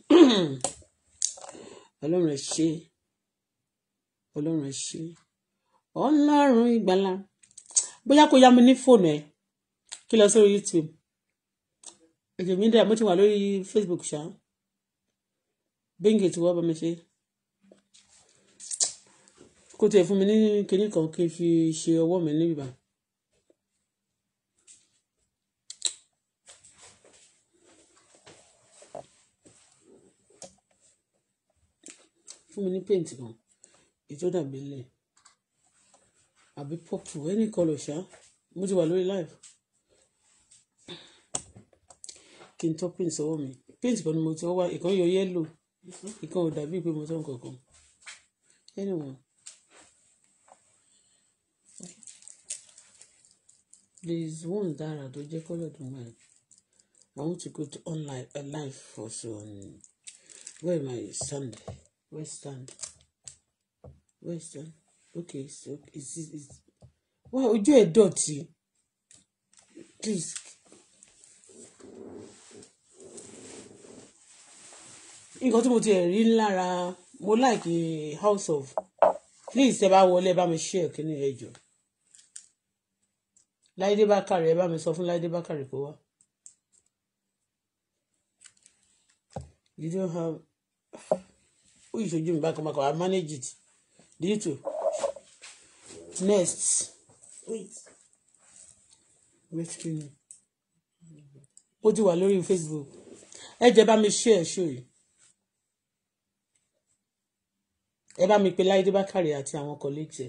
ọlọ́run ẹ ṣé ọlọ́run ẹ ṣé ọlọ́run ìgbàlà bóyá kó yá mi ní fóònù ẹ kí lọ sórí youtube èdè mi dẹ mo ti wà lórí facebook ṣá bíngì tí wọ́n bá mi ṣe kó tiẹ̀ fún mi ní kinní kan kí n fi ṣe ọwọ́ mi níbí báyìí. fún mi ní paint kan ètò dàbí lẹ̀ àbí purple any colour ṣá mo ti wà lórí live kí n tọ́ paint sọ́wọ́ mi paint kan ni mo ti wá ìkan yọ yellow ìkan ò dàbí pé mo tọ́ nǹkan kan anyway. there is one dara tó jẹ́ kọ́lọ̀ tó mọ̀ ẹ́ I want to go to online a uh, life for so on where my Sunday western western okay so is this is wá ojú ẹ̀ dọ̀tí please. nǹkan tí mo ti rí lára mo like house of please ẹ bá wọlé ẹ bá mi share kíní ẹ jọ láìdé bákàrẹ ẹ bá mi sọ fún láìdé bákàrẹ kó wá. you don't have ó yìí ṣojú mi bákan bákan I manage it Do you too? next wait wait kí ni ó ti wà lórí Facebook ẹ jẹ́ bá mi share show yìí ẹ bá mi pe Láídé Bákàrè àti àwọn colleagues ẹ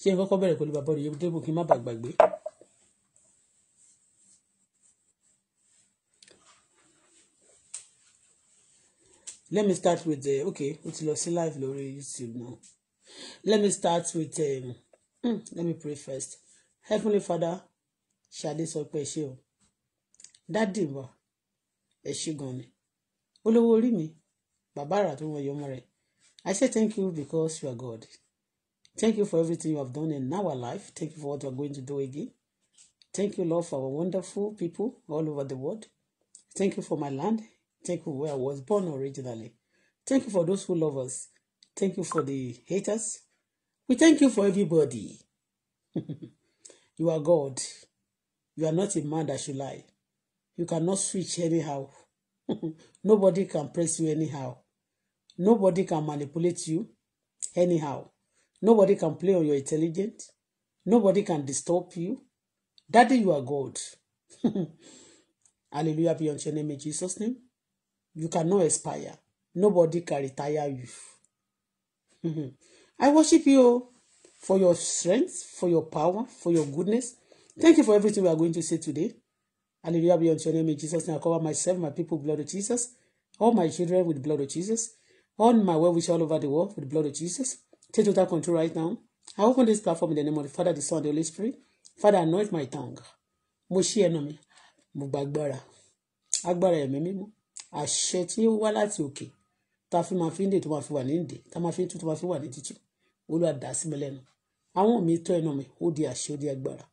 ṣé n kọ́kọ́ bẹ̀rẹ̀ pẹ̀lú bàbá rẹ yóò débò kí n má bàa gbàgbé. let me start with the eh, okay ó ti lọ life, live lórí YouTube now let me start with um, let me pray first heavenly father ṣadé sọ pé ẹ ṣé o dádì wa ẹ ṣé gan ni olówó orí mi bàbá àrà tó wọ̀nyí ọmọ rẹ̀ I say thank you because you are God thank you for everything you have done in our life thank you for what you are going to do again thank you Lord for our wonderful people all over the world thank you for my land Thank you where I was born originally. Thank you for those who love us. Thank you for the haters. We thank you for everybody. you are God. You are not a man that should lie. You cannot switch anyhow. Nobody can press you anyhow. Nobody can manipulate you anyhow. Nobody can play on your intelligence. Nobody can disturb you. Daddy, you are God. Hallelujah be unto your name in Jesus' name. You cannot expire. Nobody can retire you. I worship you oh, for your strength, for your power, for your goodness. Thank you for everything we are going to say today. Hallelujah be unto your name in Jesus' name. I cover myself, my people, blood of Jesus. All my children with blood of Jesus. All my well wishes all over the world with blood of Jesus. Take total control right now. I open this platform in the name of the Father, the Son, the Holy Spirit. Father, anoint my tongue. Mo ṣí ẹnu mi. Mo gbàgbára. Agbára ẹ̀mí mímọ́ àṣẹ tí ó wá láti òkè tá a fi máa fi ń dè tó máa fi wà ní ìdè tá a máa fi ń tú tó máa fi wà ní títú olúwa dà sí mi lẹ́nu àwọn mi tọ́ ẹnu mi ó di àṣẹ ó di agbára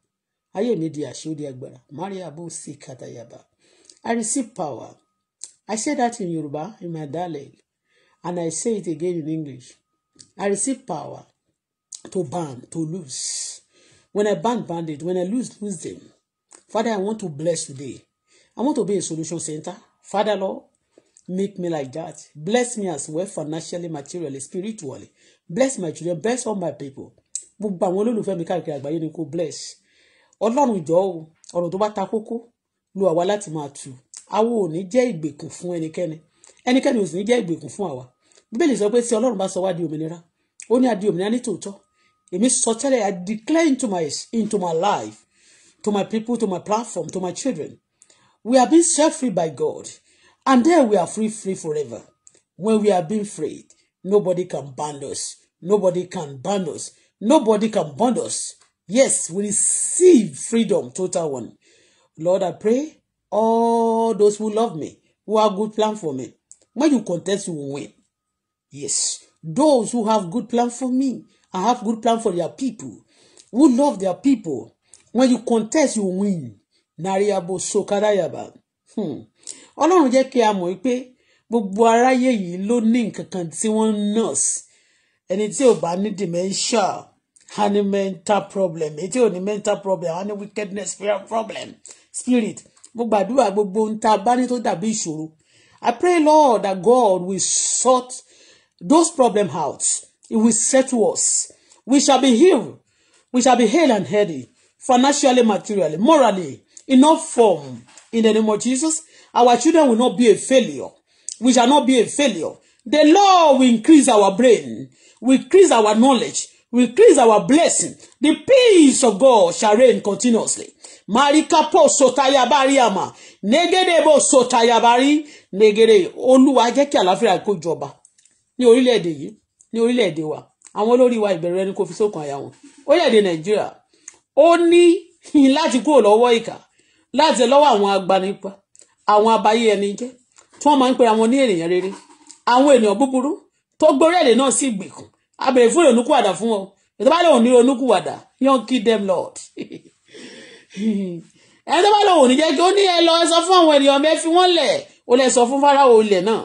ayé mi di àṣẹ ó di agbára maria bó sì kàtàyàbá I receive power I say that in Yoruba in my dialect and I say it again in English I receive power to ban to lose when I ban ban when I lose lose them Father I want to bless today I want to be a solution center Father Lord Make me like that. Bless me as well financially, materially, spiritually. Bless my children. Bless all my people. Gbogbo àwọn olólùfẹ́ mi káàkiri àgbáyé ni kò bless. Ọlọ́run jọ̀ọ́ o, ọ̀rọ̀ tó bá ta kókó lo àwa láti máa tu. Àwa ò ní jẹ́ ìgbèkùn fún ẹnikẹ́ni. Ẹnikẹ́ni ò sì ní jẹ́ ìgbèkùn fún àwa. Bíbélì sọ pé tí Ọlọ́run bá sọ wá di òmìnira, ó ní a òmìnira ní tòótọ́. Èmi sọ tẹ́lẹ̀ I declare into my, into my life, to my people, to my platform, to my children. We are being set free by God. And there we are free, free forever. When we are being freed, nobody can bind us. Nobody can bind us. Nobody can bind us. Yes, we receive freedom, total one. Lord, I pray all those who love me, who have good plan for me, when you contest, you will win. Yes, those who have good plan for me and have good plan for their people, who love their people, when you contest, you win. Nariabo Sokarayaba. Hmm ọlọ́run jẹ́ kí a mọ̀ pé gbogbo aráyé yìí ló ní nǹkan kan tí wọ́n ń nurse ẹni tí ò bá ní dementia a ní mental problem èyí tí ò ní mental problem a ní wickedness problem spirit gbogbo àdúrà gbogbo ohun tá a bá ní tó dàbí ìṣòro I pray Lord that God will sort those problems out it will settle us we shall be healed we shall be healed and healthy financially materially morally in all form in the name of Jesus Our children will not be a failure. We shall not be a failure. The Lord will increase our brain, will increase our knowledge, will increase our blessing. The peace of God shall reign continuously. Marikapo sotayabari ama. Negede bo sotayabari. Negede. Olúwa jẹ́ kí àlàáfíà kó jọba. Ní orílẹ̀-èdè yìí, ní orílẹ̀-èdè wa. Àwọn olórí wa ìbẹ̀rù ẹni kò fi sókàn àyà wọn. Orílẹ̀-èdè Nàìjíríà. Ó ní láti kúrò lọ́wọ́ ìkà. Láti lọ́wọ́ àwọn agbanipa àwọn abayé ẹni jẹ́ tí wọ́n máa ń pe àwọn ní ènìyàn rere àwọn ènìyàn búburú tó gbórí èdè náà sì gbìkùn a béèrè fún ìrònúkúwàdà fún ọ ètò lòun ní ìrònúkúwàdà yan kí dem lord ẹni tó bá lòun ní jẹ́ kí ó ní ẹ lọ sọ fún àwọn ènìyàn mi ẹ fi wọ́n lẹ̀ ó lè sọ fún fáráwò ilẹ̀ náà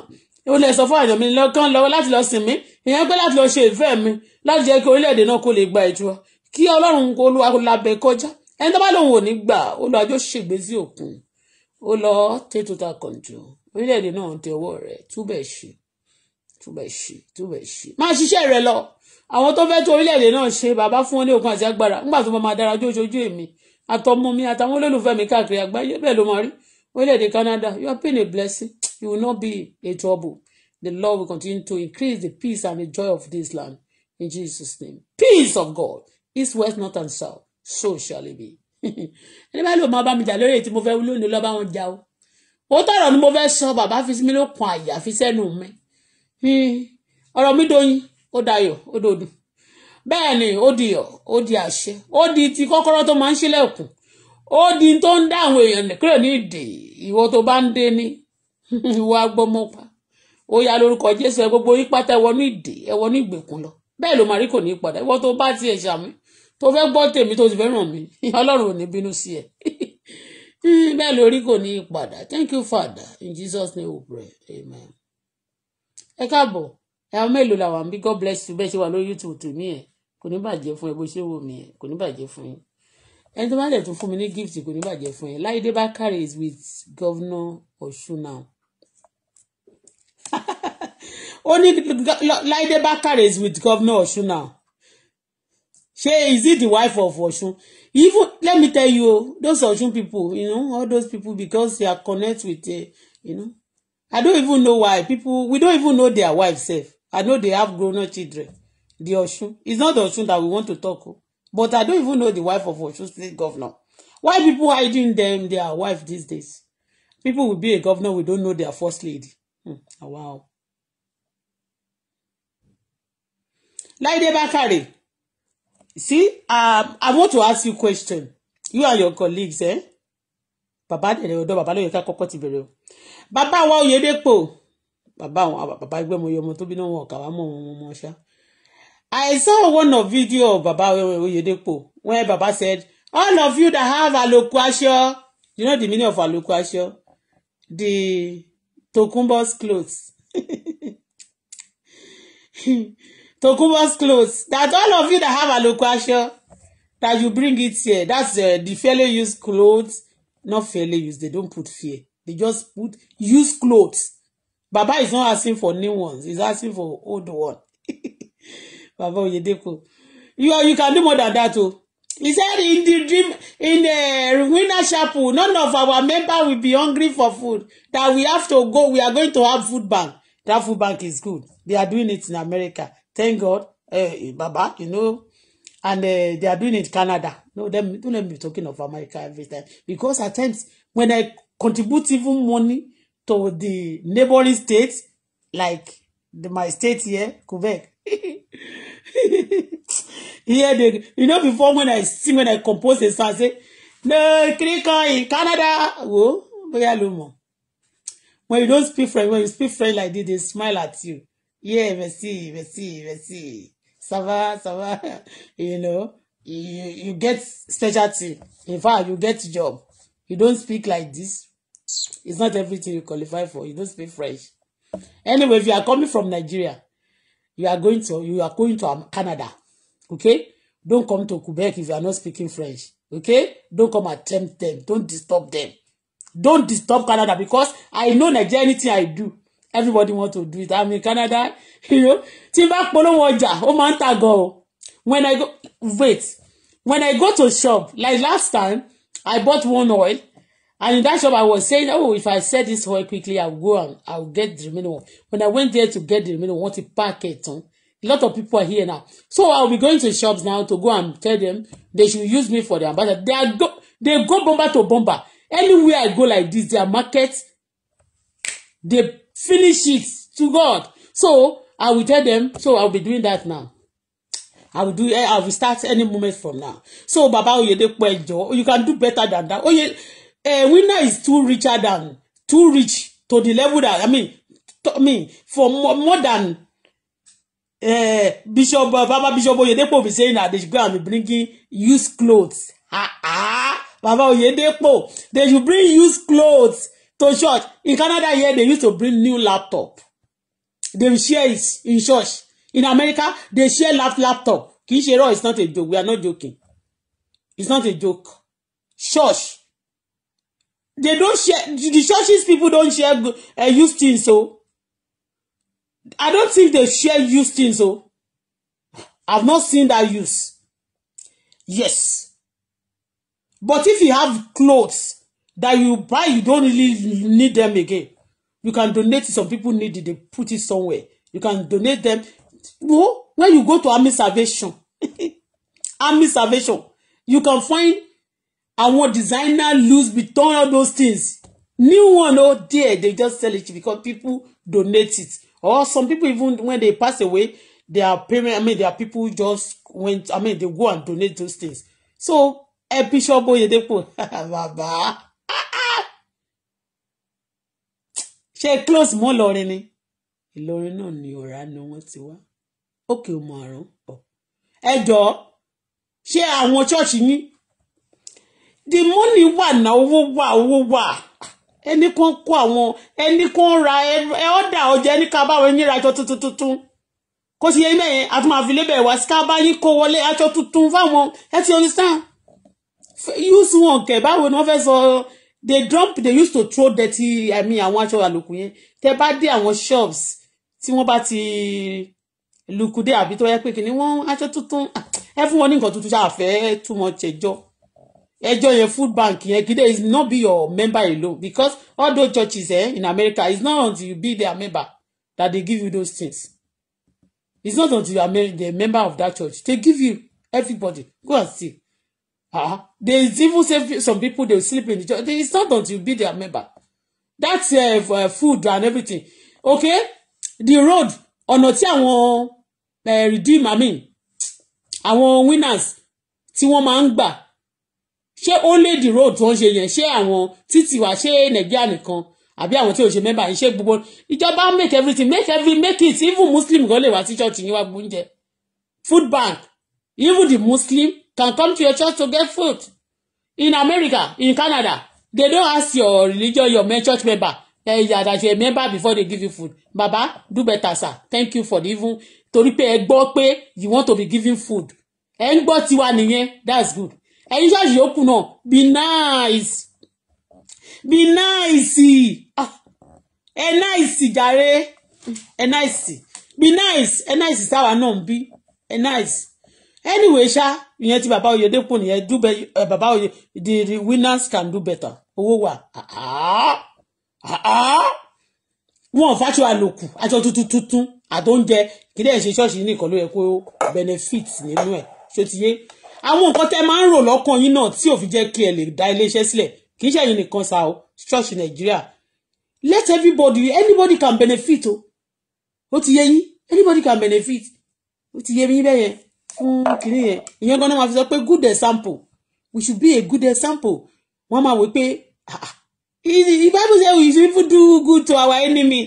ó lè sọ fún àwọn ènìyàn mi lọ́kàn lọ́wọ́ láti lọ sìn mí ìyẹn pé láti lọ ṣe ìfẹ́ mi láti jẹ́ kí orílẹ̀-èdè náà kó lè gba ìtura kí ọlọ́run olúwa labẹ kọjá ẹni tó bá lòun ò ní gbà olùwàjò ṣègbè sí òkun ó lọ take total control orílẹ̀-èdè náà tẹ ọwọ́ rẹ̀ túbẹ̀ ṣe túbẹ̀ ṣe túbẹ̀ ṣe máa ṣiṣẹ́ rẹ lọ àwọn tó fẹ́ tó orílẹ̀-èdè náà ṣe bàbá fún wọn ní okun àti agbára nígbà tó máa dára ojú ojú èmi àtọmọ mi àtàwọn olólùfẹ́ mi káàkiri àgbáyé bẹ́ẹ̀ ló máa rí orílẹ̀-èdè Canada you are being a blessing you will not be a trouble the Lord will continue to increase the peace and the joy of this land in Jesus' name peace of God east west north and south so shall it be ẹni bá lò máa bá mi jà lórí èyí tí mo fẹ́ lónìí lọ́ bá wọn jà o ó tọ̀rọ̀ ni mo fẹ́ sọ bàbá fi mí ló kan àyà fi sẹ́nu mi ọ̀rọ̀ mi doyin ó dayọ̀ ó dòdò bẹ́ẹ̀ ni ó di ọ̀ ó di àṣẹ ó di ti kọ́kọ́rọ́ tó máa ń ṣílẹ̀kùn ó di tó ń dá àwọn èèyàn kúrò ní ìdè ìwọ tó bá ń dé ní ìwọ agbọmọpa ó yá lórúkọ Jésù ẹ gbogbo yín pátá ẹwọ ní ìdè ẹwọ ní ìgbèkùn lọ bẹ́ẹ̀ ló máa rí kò ní padà ìwọ tó bá tiẹ̀ ṣàmì tó fẹ́ gbọ́ tèmi tó ti fẹ́ràn mi ọlọ́run ò ní bínú sí ẹ bẹ́ẹ̀ lórí kò ní padà thank you father in jesus name we pray amen. ẹ káàbọ̀ ẹ̀hán mélòó la wà bí god bless you bẹ́ẹ̀ ṣe wà lórí youtube tù mí ẹ̀ kò ní bàjẹ́ fún ẹ bó ṣe wò mí ẹ̀ kò ní bàjẹ́ fún yín ẹni tó bá dẹ̀ tún fún mi ní gift kò ní bàjẹ́ fún yín láìdé bákàrẹ̀ is with governor ọ̀ṣun now ó ní láìdé bákàrẹ̀ is with governor ọ̀ṣun now. She is it the wife of Oshun? Even let me tell you, those Oshun people, you know, all those people because they are connect with, uh, you know, I don't even know why people. We don't even know their wife self. I know they have grown-up children. The Oshun. It's not the Oshun that we want to talk. Of, but I don't even know the wife of Oshun State Governor. Why people hiding them their wife these days? People will be a governor. We don't know their first lady. Hmm. Oh, wow. Láìdé Bákàrè see um, I want to ask you question you and your colleagues eh? Baba, dẹ̀rẹ̀ ọ̀dọ́ bàbá lóye ká kọ́kọ́ ti bẹ̀rẹ̀ o bàbá wa Oyèdèpọ̀ bàbá àwọn Baba, ẹgbẹ́ mo yọ ọmọ tó bí náà wọn kà wá mọ̀ wọn mọ̀ ṣá I saw one of video of bàbá Oyèdèpọ̀ when Baba said all of you that have alokuasho you know the meaning of alokuasho the tokunbo's clothes Tokubo's clothes. That all of you that have alokwasha, that you bring it here. That's uh, the fairly used clothes. Not fairly used. They don't put fear. They just put used clothes. Baba is not asking for new ones. He's asking for old one. Baba Oyedepo. You, you can do more than that too. Oh. He said in the dream in the winner chapel, none of our members will be hungry for food. That we have to go, we are going to have food bank. That food bank is good. They are doing it in America. Thank God. Hey, eh, eh, Baba, you know, and uh, they are doing it in Canada. No, them don't let me be talking of America every time. Because at times when I contribute even money to the neighboring states, like the, my state here, Quebec. here they you know before when I sing when I compose a song, I say, No Kiriko in Canada. Oh, bóyá lo When you don't speak French, when you speak French like this, they smile at you. Yeah, merci, merci, merci. Ça va, ça va. You know, you, you get specialty. In fact, you get job. You don't speak like this. It's not everything you qualify for. You don't speak French. Anyway, if you are coming from Nigeria, you are going to you are going to um, Canada. Okay? Don't come to Quebec if you are not speaking French. Okay? Don't come attempt them. Don't disturb them. Don't disturb Canada because I know Nigeria anything I do everybody want to do it i'm in canada you know tí n bá polówó ọjà ó máa ń tà gan o when i go wait when i go to shop like last time i bought one oil and in that shop i was saying oh if i sell this oil quickly i go and i will get the remaining one when i went there to get the remaining one wọ́n ti pack ẹ̀ tán a lot of people are here now so i will be going to shops now to go and tell them they should use me for their ambassador they are go they go bomber to bomber anywhere i go like this their market they finish it to God so I will tell them so I will be doing that now I will do eh, I will start any moment from now so Baba Oyedepo ejo you can do better than that oye a eh, winner is too richer than too rich to the level that I mean to, I for more, more than uh, Bishop uh, Baba Bishop Oyedepo be saying that they should go and be bringing used clothes. Ah ah, Baba Oyedepo, they should bring used clothes to church. In Canada here, they used to bring new laptop. They share it in church. In America, they share lap laptop. Kishiro it's not a joke. We are not joking. It's not a joke. Church. They don't share, the churches people don't share uh, eh, used things, Oh, I don't think they share used things, so. I've not seen that use. Yes. But if you have clothes that you buy you don't really need them again you can donate some people need it they put it somewhere you can donate them oh when you go to army salvation army salvation you can find àwọn designer Louis Vuitton all those things new one oh there they just sell it because people donate it or some people even when they pass away their parents i mean their people just went i mean they go and donate those things so ẹ Bishop Oyedepo baba. ṣé close mọ́ lọrin ni Ìlọrin náà ni ọ̀rá ni wọ́n ti wá òkè òmò àrùn pọ̀ ẹ jọ̀ọ́ ṣé àwọn ṣọ́ọ̀ṣì yín the money wà náà owó wà owó wà ẹni kan kó àwọn ẹni kan ra ẹ ọ́dà ọjà ẹni ká bá wọn níra aṣọ tuntun tuntun kó ti yẹ ibẹ̀ yẹn a tún máa fi lébẹ̀ wá sí ká bá yín kó wọlé aṣọ tuntun fáwọn ẹ ti understand use one kẹ̀ báwo ni wọ́n fẹ́ sọ. So, they dump they used to throw dirty i mean àwọn aṣọ àlòkù yẹn tẹ bá dé àwọn shops tí wọ́n bá ti lukude àbí tó yẹ pé kìnìún wọ́n aṣọ tuntun ah, ẹ fún ní nǹkan tuntun ṣáà fẹ́ too much ẹjọ́ ẹjọ́ yẹn food bank yẹn kìdẹ is not be your member alone because all those churches eh, in america it's not until you be their member that they give you those things it's not until you are the member of that church they give you everybody go and see Ah, they even say some people they sleep in the church. It's not until you be their member. That's uh, uh, food and everything. Okay, the road ọ̀nà tí àwọn uh, redeem I mean our winners tí wọ́n máa only the road wọ́n ṣe yẹn ṣé àwọn títì wá ṣé nàìjíríà nìkan àbí àwọn tí ò ṣe mẹ́mbà yìí gbogbo ìjọba make everything make every make it even muslim gan lè wá sí church yín wá gbóúnjẹ food bank even the muslim can come to your church to get food in America in Canada they don't ask your religion your main church member eh, that you a member before they give you food baba do better sir thank you for the even To repay, ẹ gbọ́ you want to be giving food And what you want, nìyẹn that's good And you just yòókù náà be nice be nice a ah, nice jàre a náìsì be nice a náìsì sáwa náà ń bí ẹ náìsì anyway ṣá ìyẹn ti bàbá Oyèdépò nìyẹn do be eh, bàbá Oyè the the winners can do better owó wà ah, ah, ah, wọn ò fàṣọ àlòkù aṣọ tuntun tuntun àtòúnjẹ kí lẹ́yìn ṣe ṣọ́ọ̀ṣì nìkan ló yẹ kó benefit nínú ẹ̀ ṣó ti yé àwọn nǹkan tẹ́ máa ń rò lọ́kàn yín náà tí òfin jẹ́ kí ẹ lè da iléeṣẹ́ sílẹ̀ kì í ṣẹ̀yìn nìkan ṣá o ṣọ́ọ̀ṣì nàìjíríà let everybody anybody can benefit o ó ti yé yín anybody can benefit ó ti yé yín bẹ́yẹn fún kiri yẹn ìyẹn gan-an máa fi sọ pé good example we should be a good example wọ́n máa wò pé ah, ah, the bible say we should even do good to our enemy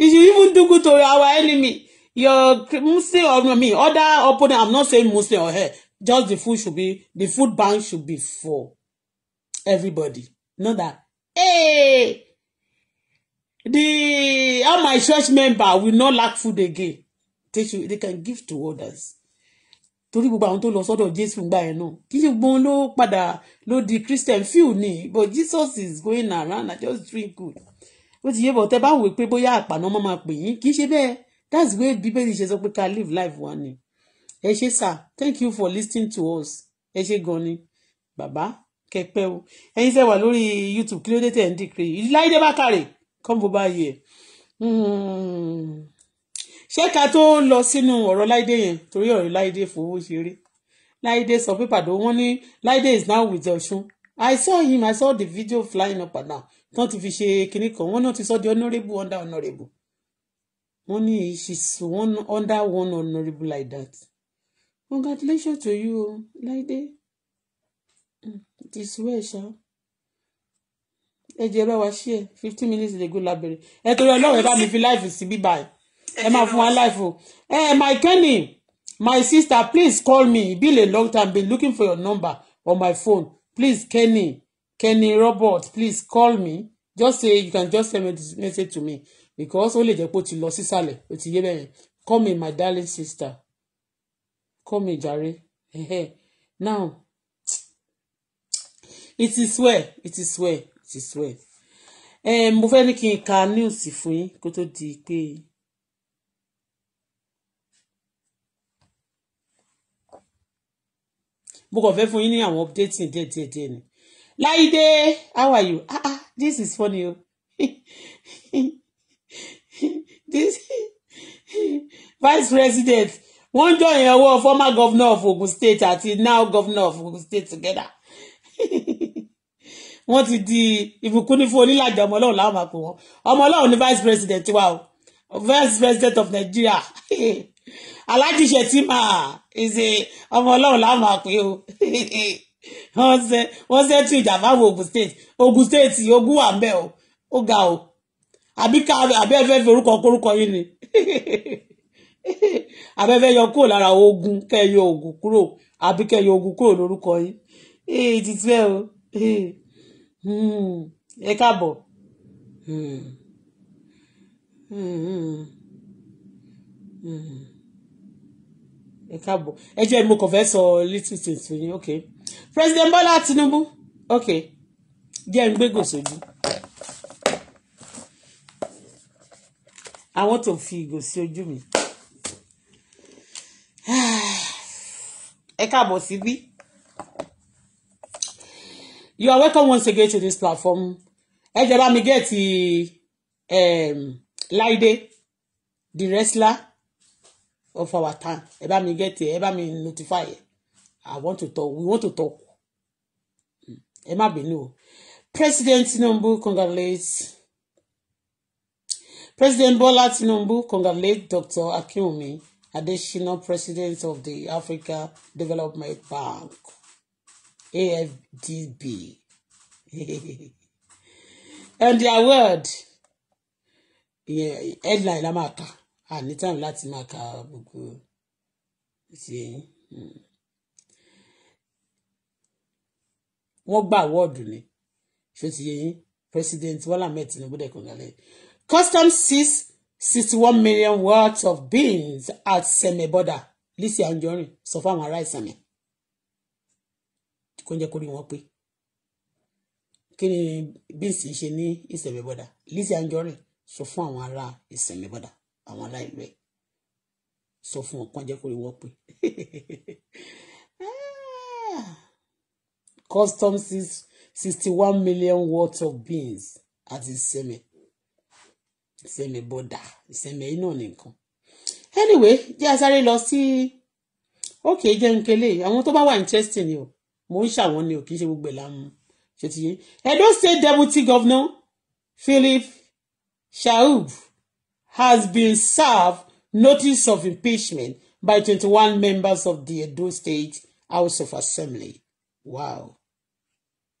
You should even do good to our enemy your muslim or me other opponent i'm not saying muslim or her just the food should be the food bank should be for everybody Know that hey the all my church member will not lack food again they should they can give to others torí gbogbo àwọn tó lọ sọ́dọ̀ Jésù gbà yẹn náà kì í ṣe gbọ́n ló padà ló di Christian few ni but Jesus is going around and just drink good ó ti yé bọ̀ tẹ́ bá wò pé bóyá àpàná máa máa pè yín kì í ṣe bẹ́ẹ̀ that's where bíbélì ṣe sọ pé ká live life wa ni ẹ ṣé sir thank you for listening to us ẹ ṣé gan ni bàbá kẹpẹ o ẹ̀yin fẹ́ wà lórí YouTube kí ló dé tẹ̀ ń dìkìrì ìdíláyé dé bá kárẹ̀ come over here. Mm ṣé ká tó lọ sínú ọ̀rọ̀ láìdé yẹn torí ọ̀rọ̀ láìdé fowó ṣeré láìdé sọ pé pàdé wọn ní láìdé is now with ọ̀ṣun i saw him i saw the video flying up and down tán ti fi ṣe kinní kan wọn náà ti sọ di honourable under honourable wọn ní she's one under one honourable like that congratulations to you o láìdé it is well ṣá ẹ jẹ́ bá wa ṣí ẹ fifteen minutes ago lábẹ́rẹ́ ẹ torí ọlọ́run ẹ bá mi fi láìfì sí bíbá ẹ̀ ẹ máa fún wa life o eh, my Kenny my sister please call me e been a long time been looking for your number on my phone please Kenny Kenny Robert please call me just say you can just send a message to me because ó lè jẹ́ pé o ti lọ sísàlẹ̀ o ti yé bẹ́ẹ̀ call me my darling sister call me jare now it is well it is well it is well eh, mo fẹ́ ní kí n ka news fún yín kó tó di pé. mo kàn fẹ́ fún yín ní àwọn update díẹ̀ díẹ̀ díẹ̀ ni láìdé how are you ah ah this is funny o this vice president wọ́n jọ ìyàwó former governor of Ogun State àti now governor of Ogun State together wọ́n ti di ìbùkún ní fún onílàjà ọmọ Ọlọ́run láwọn máa pè wọ́n ọmọ Ọlọ́run ní vice president wa o vice president of Nigeria Alhaji Shettima ìṣe ọmọ ọlọ́run láwọn àpè o wọ́n ṣe tún ìjà fáwọn Ogun State Ogun State ogun wà mbẹ́ o ó ga o àbí ká abẹ́fẹ́ fi orúkọ kórúkọ yín ni abẹ́fẹ́ yọ kúrò lára ogun kẹyọ ogun kúrò àbí kẹyọ ogun kúrò lórúkọ yín èyí ti tẹ́ o eh, hmm, ẹ káàbọ̀. Mm-hmm. ẹ káàbọ̀ ẹ jẹ́ mo kàn fẹ́ sọ little things for you, okay. President Bola Tinubu okay. jẹ́ n gbégò sójú àwọn tó fi ìgò sí ojú mi ẹ káàbọ̀ síbí you are welcome once again to this platform ẹ jẹ́ bá mi um eh, Láìdé the wrestler of our time ẹ bá mi get ẹ bá mi notify ẹ i want to talk we want to talk ẹ má bínú o president tinubu Congolese. president bola tinubu Congolese. dr akinwumi adesina president of the africa development bank afdb and their word yeah, headline la máa a ní time láti máa ka gbogbo ti eyín hmm. wọ́n gba awọ́ọ̀dù ni ṣó yín president Bola Ahmed Tinubu dẹ̀ kọ̀ọ̀gálẹ̀ customs seize sixty one million worth of beans at Seme border Lisi Anjorin sọ fáwọn ará Ìsàmì kó ń jẹ́ kó rí wọn pé kí ni beans ń ṣe ní Ìsẹ̀mẹ̀ border Lizzy Anjorin sọ fún àwọn ará Ìsẹ̀mẹ̀ border àwọn ará ìlú ẹ̀ sọ fún ọkàn jẹ́ kó rí wọ́n pé customs is sixty one million worth of beans àti sẹ́mẹ̀ sẹ́mẹ̀ bọ́dà sẹ́mẹ̀ iná nìkan anyway jẹ́ asáré lọ sí òkè jẹ́nkélé àwọn tó bá wà interesting ni o mo ń ṣàwọn ni o kì í ṣe gbogbo ẹ̀ lámú ṣe ti yé Edo State Deputy Governor Philip Shaub has been served notice of impeachment by 21 members of the Edo State House of Assembly. Wow.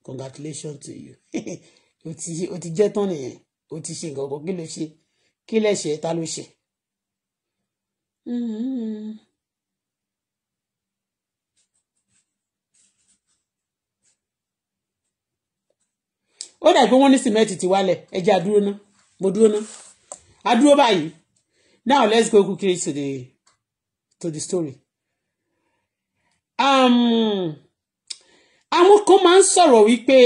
Congratulations to you. o ti o ti jẹ́ tán nìyẹn o ti ṣe nǹkan kan kí ló ṣe kí lẹ ṣe ta ló ṣe. Mm-hmm. ó dàgbé wọ́n ní sìmẹ́ǹtì ti wálẹ̀ ẹ jẹ́ àdúró ná mo dúró ná adúró báyìí now let's go quickly to the to the story. Um, àwọn kan máa ń sọ̀rọ̀ wípé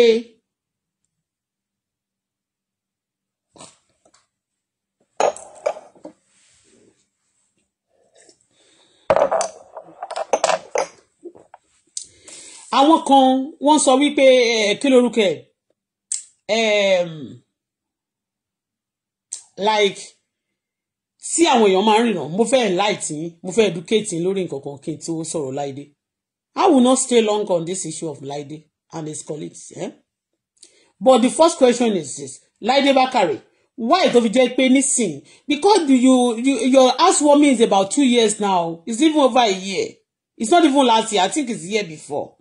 àwọn kan wọ́n sọ wípé eh, kí lorúkọ ẹ̀. Um, like tí àwọn èèyàn máa ń ríran mo fẹ́ enlightening, yín mo fẹ́ educate yín lórí nǹkan kan kí n tí ó sọ̀rọ̀ Láìdé I will not stay long on this issue of Láìdé and his colleagues eh? but the first question is this Láìdé Bákàrè why tó fi jẹ́ pé nísìn because you, you your housewarming is about two years now it's even over a year it's not even last year I think it's year before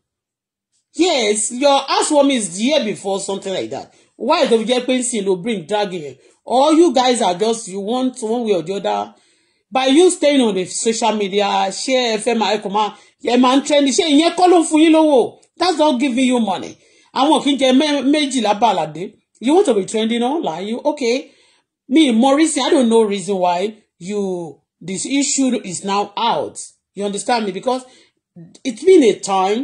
yes your housewarming is year before something like that why tó fi jẹ́ pé nísìn ló bring dragging or you guys are just you want one way or the other by you staying on the social media share ẹ fẹ́ máa ẹ kò máa ẹ máa ń trend ṣé ìyẹn kọ́ ló ń fún yín lówó that's not giving you money àwọn kì í jẹ méjìlá bàlàdé you want to be trending online you okay me more reason i don't know reason why you this issue is now out you understand me because it's been a time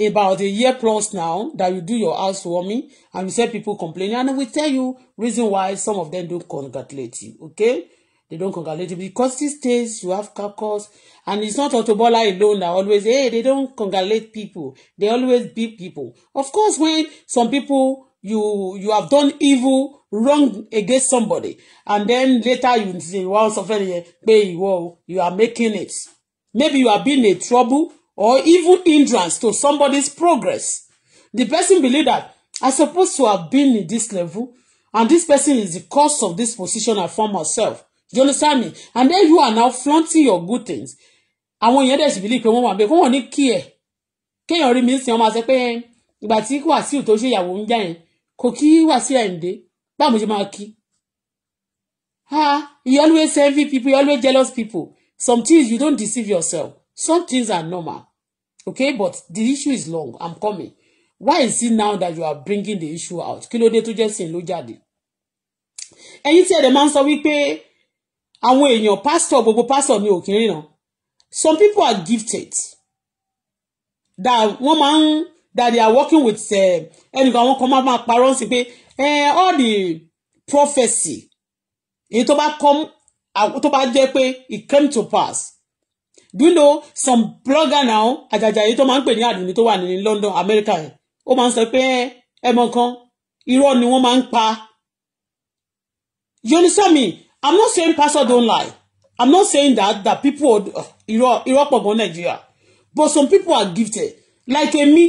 about a year plus now that you do your housewarming and you see people complaining and we tell you reason why some of them don't congratulate you okay they don't congratulate you because these days you have caucus and it's not Auto Bola alone that always hey they don't congratulate people they always beat people of course when some people you you have done evil wrong against somebody and then later you say you wan suffer the you are making it maybe you are being a trouble or even hindrance to somebody's progress. The person believe that I supposed to have been in this level and this person is the cause of this position I found myself. Do you understand me? And then you are now flaunting your good things. Àwọn èèyàn dẹ̀ sì believe pé wọ́n wà bẹ́ẹ̀ kó wọ́n ní kí ẹ̀ kéèyàn rí mi sin ọmọ àṣẹ pé ìgbà tí Wàsíù tó ṣe ìyàwó ń já yẹn kò kí Wàsíù Àyìndé báwo mo ṣe máa kí. you always envy people, you always jealous people. Some things you don't deceive yourself. Some things are normal okay but the issue is long i'm coming why is it now that you are bringing the issue out kí ló dé tó jẹ́ sìn ló jáde ẹ̀yin tí ẹ̀dẹ̀ máa ń sọ wípé àwọn èèyàn pastor, gbogbo pastor. ni òkè ríran some people are gifted that wọ́n máa ń that they are working with eh, ẹnìkan àwọn kan máa máa parọ́ sí pé eh, all the prophecy èyí tó bá come ah, tó bá jẹ́ pé it came to pass do you know some blogger now Ajaja, yìí tó máa ń pè ní àdùnní tó wà ní London America yẹn ó máa ń sọ pé eh, ẹ mọ kan irọ́ ni wọ́n máa ń pa you understand me i'm not saying pastor don't lie i'm not saying that that people uh, irọ́ irọ́ pọ̀ gan Nàìjíríà but some people are gifted like èmi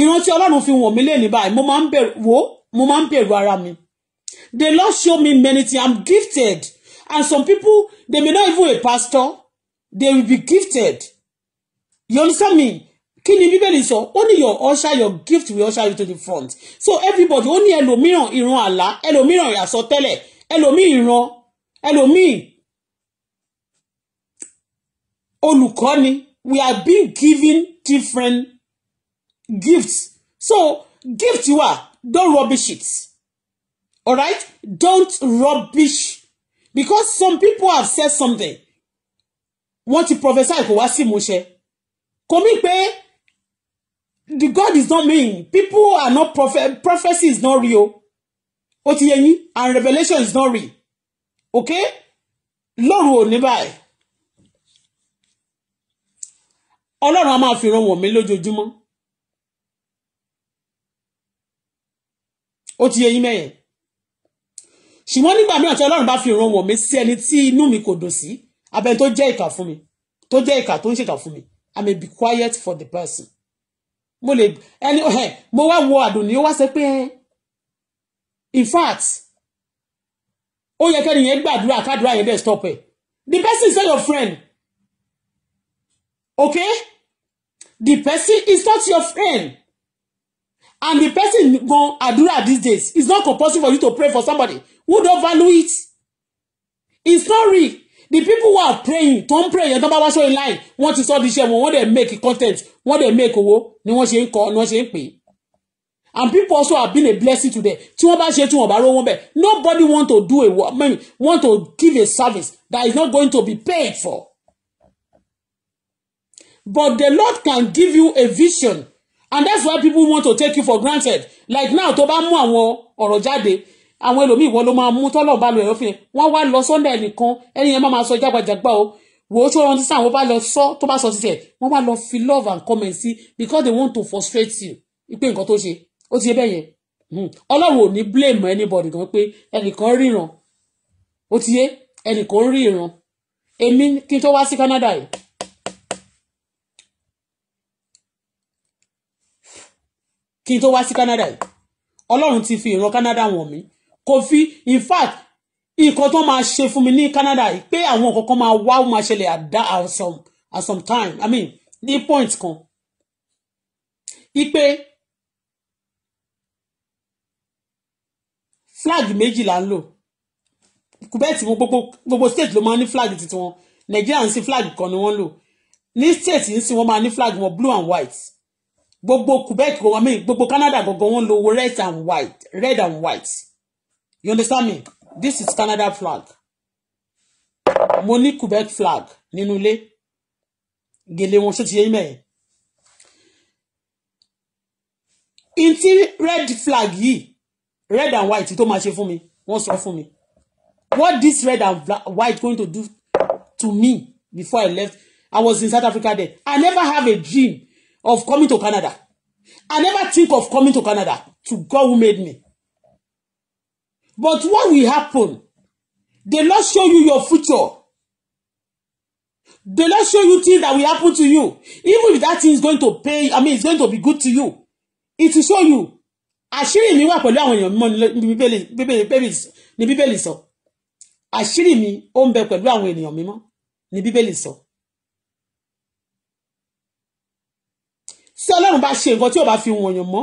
ìrántí Ọlọ́run fi wọ̀n mí lé ní báyìí mo máa ń bẹ̀rù wo mo máa ń bẹ̀rù ara mi the Lord show me many things i'm gifted and some people they may not even a pastor they will be gifted you understand me kí ni bíbélì sọ only. your usher your gift will usher you to the front so everybody ó ní ẹlòmíràn ìran àlá ẹlòmíràn àsọtẹ́lẹ̀ ẹlòmíì ìran ẹlòmíì olùkọ́ni we are being given different gifts so gift wa don't rubbish it alright don't rubbish because some people have said something wọ́n ti prophesy kò wá sí ìmúṣẹ kò mí pé the God is not mean people are not prophet Prophesy is not real ó ti yé yín and revelation is not real okay lóru ò ní báyìí ọlọ́run a máa fi ran wọ̀n mí lójoojúmọ́ ó ti yé yín mẹ́yẹn ṣùgbọ́n nígbà mìíràn tí ọlọ́run bá fi ran wọ̀n mí sí ẹni tí inú mi kò dùn sí. Si abẹni tó jẹ́ ìkà fún mi tó jẹ́ ìkà tó ń ṣèkà fún mi i may be quiet for the person mo lè ẹni ẹ mo wá wo àdùnní ó wá sọ pé in fact ó yẹ kẹ́ni yẹn gbàdúrà kádùrà yẹn dẹ̀ stop ẹ̀ the person is not your friend okay the person is not your friend and the person go àdúrà these days it's not compulsory for you to pray for somebody who don't value it it's not real the people who are praying tó ń pray yẹn tó bá wá sóyún láì wọ́n ti sọ di iṣẹ́ wọn wọ́n dẹ̀ make content wọ́n dẹ̀ make owó ni wọ́n ṣe ń kọ́ ni wọ́n ṣe ń pè é and people also have been a blessing to them tí wọ́n bá ṣe tí wọ́n bá rówó bẹ́ẹ̀ nobody want to do a work I mean want to give a service that is not going to be paid for but the Lord can give you a vision and that's why people want to take you for granted like now tó bá mú àwọn ọ̀rọ̀ jáde àwọn ẹlòmíì wọn ló máa mú tọ́lọ̀ bá lọ ẹ̀rọ fún yẹn wọ́n wá lọ Sunday nìkan ẹni yẹn má máa sọ jágbajàgba o wò ó tó rántí sáà wọ́n bá lọ sọ tó bá sọ títẹ̀ wọ́n wá lọ fi love and comment sí because they want to frustrate you ipe nǹkan tó ṣe ó ti yẹ bẹ́ẹ̀ yẹn hmm. ọlọ́run ò ní blame anybody kan pé ẹnìkan ríran ó ti yé ẹnìkan ríran èmi kí n tó wá sí Canada yìí kí n tó wá sí Canada yìí ọlọ́run ti fi ìran Canada wọ̀n mí kò fi in fact nǹkan tó máa ṣe fún mi ní Canada pé àwọn kankan máa wá ó máa ṣẹlẹ̀ àdá at some at some time I mean ní point kan ipe flag méjì là ń lò kùbẹ́ẹ̀tì gbogbo gbogbo state ló máa ń ní flag tiwọn Nàìjíríà ń sin flag kan ni wọ́n lò ní state ń sin wọ́n máa ní flag wọn blue and white gbogbo Quebec I mean gbogbo Canada gbogbo wọ́n lò red and white red and white you understand me this is Canada flag mo ní Quebec flag nínú ilé gèlè wọn ṣó ti yẹ ntí red flag yìí red and white tó máa ṣe fún mi wọ́n sọ fún mi what this red and white going to do to me before I left I was in South Africa then I never have a dream of coming to Canada I never think of coming to Canada to God who made me But what will happen? The Lord show you your future. The Lord show you things that will happen to you. Even if that thing is going to pay, I mean, it's going to be good to you. It will show you. Àṣírí mi wà pẹ̀lú àwọn èèyàn mímọ́ ní Bíbélì sọ. Àṣírí mi ó ń bẹ pẹ̀lú àwọn ènìyàn mímọ́ ní Bíbélì sọ. Tí bá ṣe nǹkan tí ò bá fi wọ̀nyàn mọ́,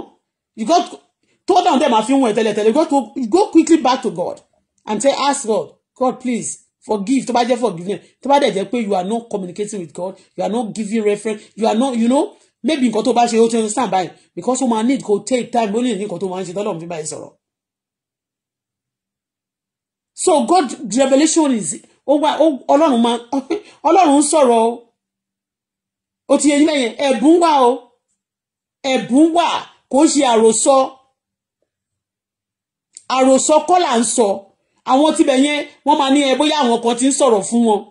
told on them a few words tẹ́lẹ̀ tẹ́lẹ̀ go to go quickly back to God and say ask God God please forgive tó bá jẹ́ forgiveness to buy dẹ̀ jẹ́ pé you are not communicating with God you are not giving reference you are not you know maybe nǹkan tó bá ṣe ó ti understand by because ó need go take time only lè ní nǹkan tó máa ń ṣe tọ́lọ́run fi báyìí sọ̀rọ̀ so God revelation is ó wá ọlọ́run máa ọlọ́run ń sọ̀rọ̀ o ó ti yẹ nílẹ̀ yẹn ẹ̀bùn wà o ẹ̀bùn wà kò ń ṣe àròsọ àròsọ kọ́ là ń sọ àwọn tibẹ̀ yẹn wọ́n máa ní ẹ bóyá àwọn kan ti ń sọ̀rọ̀ fún wọn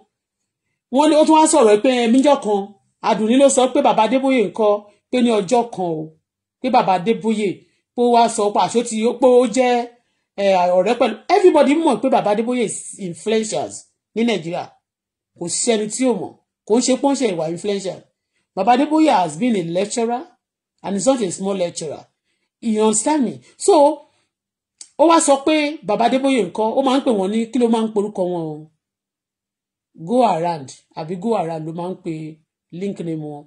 wọ́n ní ó tún wá sọ̀rọ̀ pé ẹ níjọ́ kan Àdùnní ló sọ pé bàbá Adébóyè nǹkan pé ní ọjọ́ kan o pé bàbá Adébóyè pé ó wá sọ pé àṣọ ti pé ó jẹ́ ọ̀rẹ́ pẹ̀lú everybody mọ̀ pé bàbá Adébóyè is influencers ní Nàìjíríà kò sẹ́ni tí ò mọ̀ kò ń ṣe pọ́ńṣẹ́ ìwà influencer bàbá Adébóyè has been a lecturer and he's not a small lecturer you understand me so ó wá sọ pé bàbá adébóyè nǹkan ó máa ń pè wọ́n ní kí ló máa ń porúkọ wọn o go around àbí go around ló máa ń pe link name wọn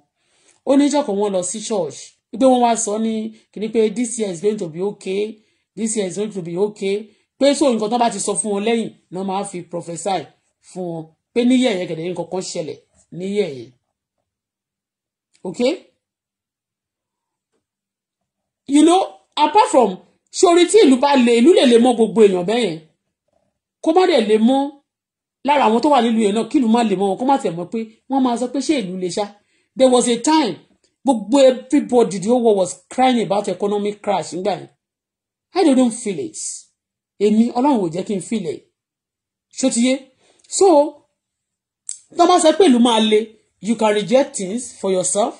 ó ní ìjọkọ̀ wọn lọ sí church pé wọ́n wá sọ ní kíní pé this year is going to be okay this year is going to be okay pé so nǹkan tó bá ti sọ fún wọn lẹ́yìn náà máa fi prophesy fún wọn pé níyẹ̀ yẹn gẹ̀dẹ̀ nǹkan kan ṣẹlẹ̀ níyẹ̀ yẹn okay you know apart from ṣorí tí ìlú bá le ìlú lè lè mọ gbogbo èèyàn bẹ́ẹ̀ yẹn kó má dẹ̀ lè mọ lára àwọn tó wà nílùú yẹn náà kí ìlú má lè mọ wọn kó má tẹ̀ mọ́ pé wọ́n máa sọ pé ṣé ìlú le ṣá there was a time gbogbo everybody the whole world was crying about economic crash nígbà yẹn I don't feel it èmi ọlọ́run ò jẹ́ kí n feel it ṣó so tó bá sọ pé ìlú máa le you can reject things for yourself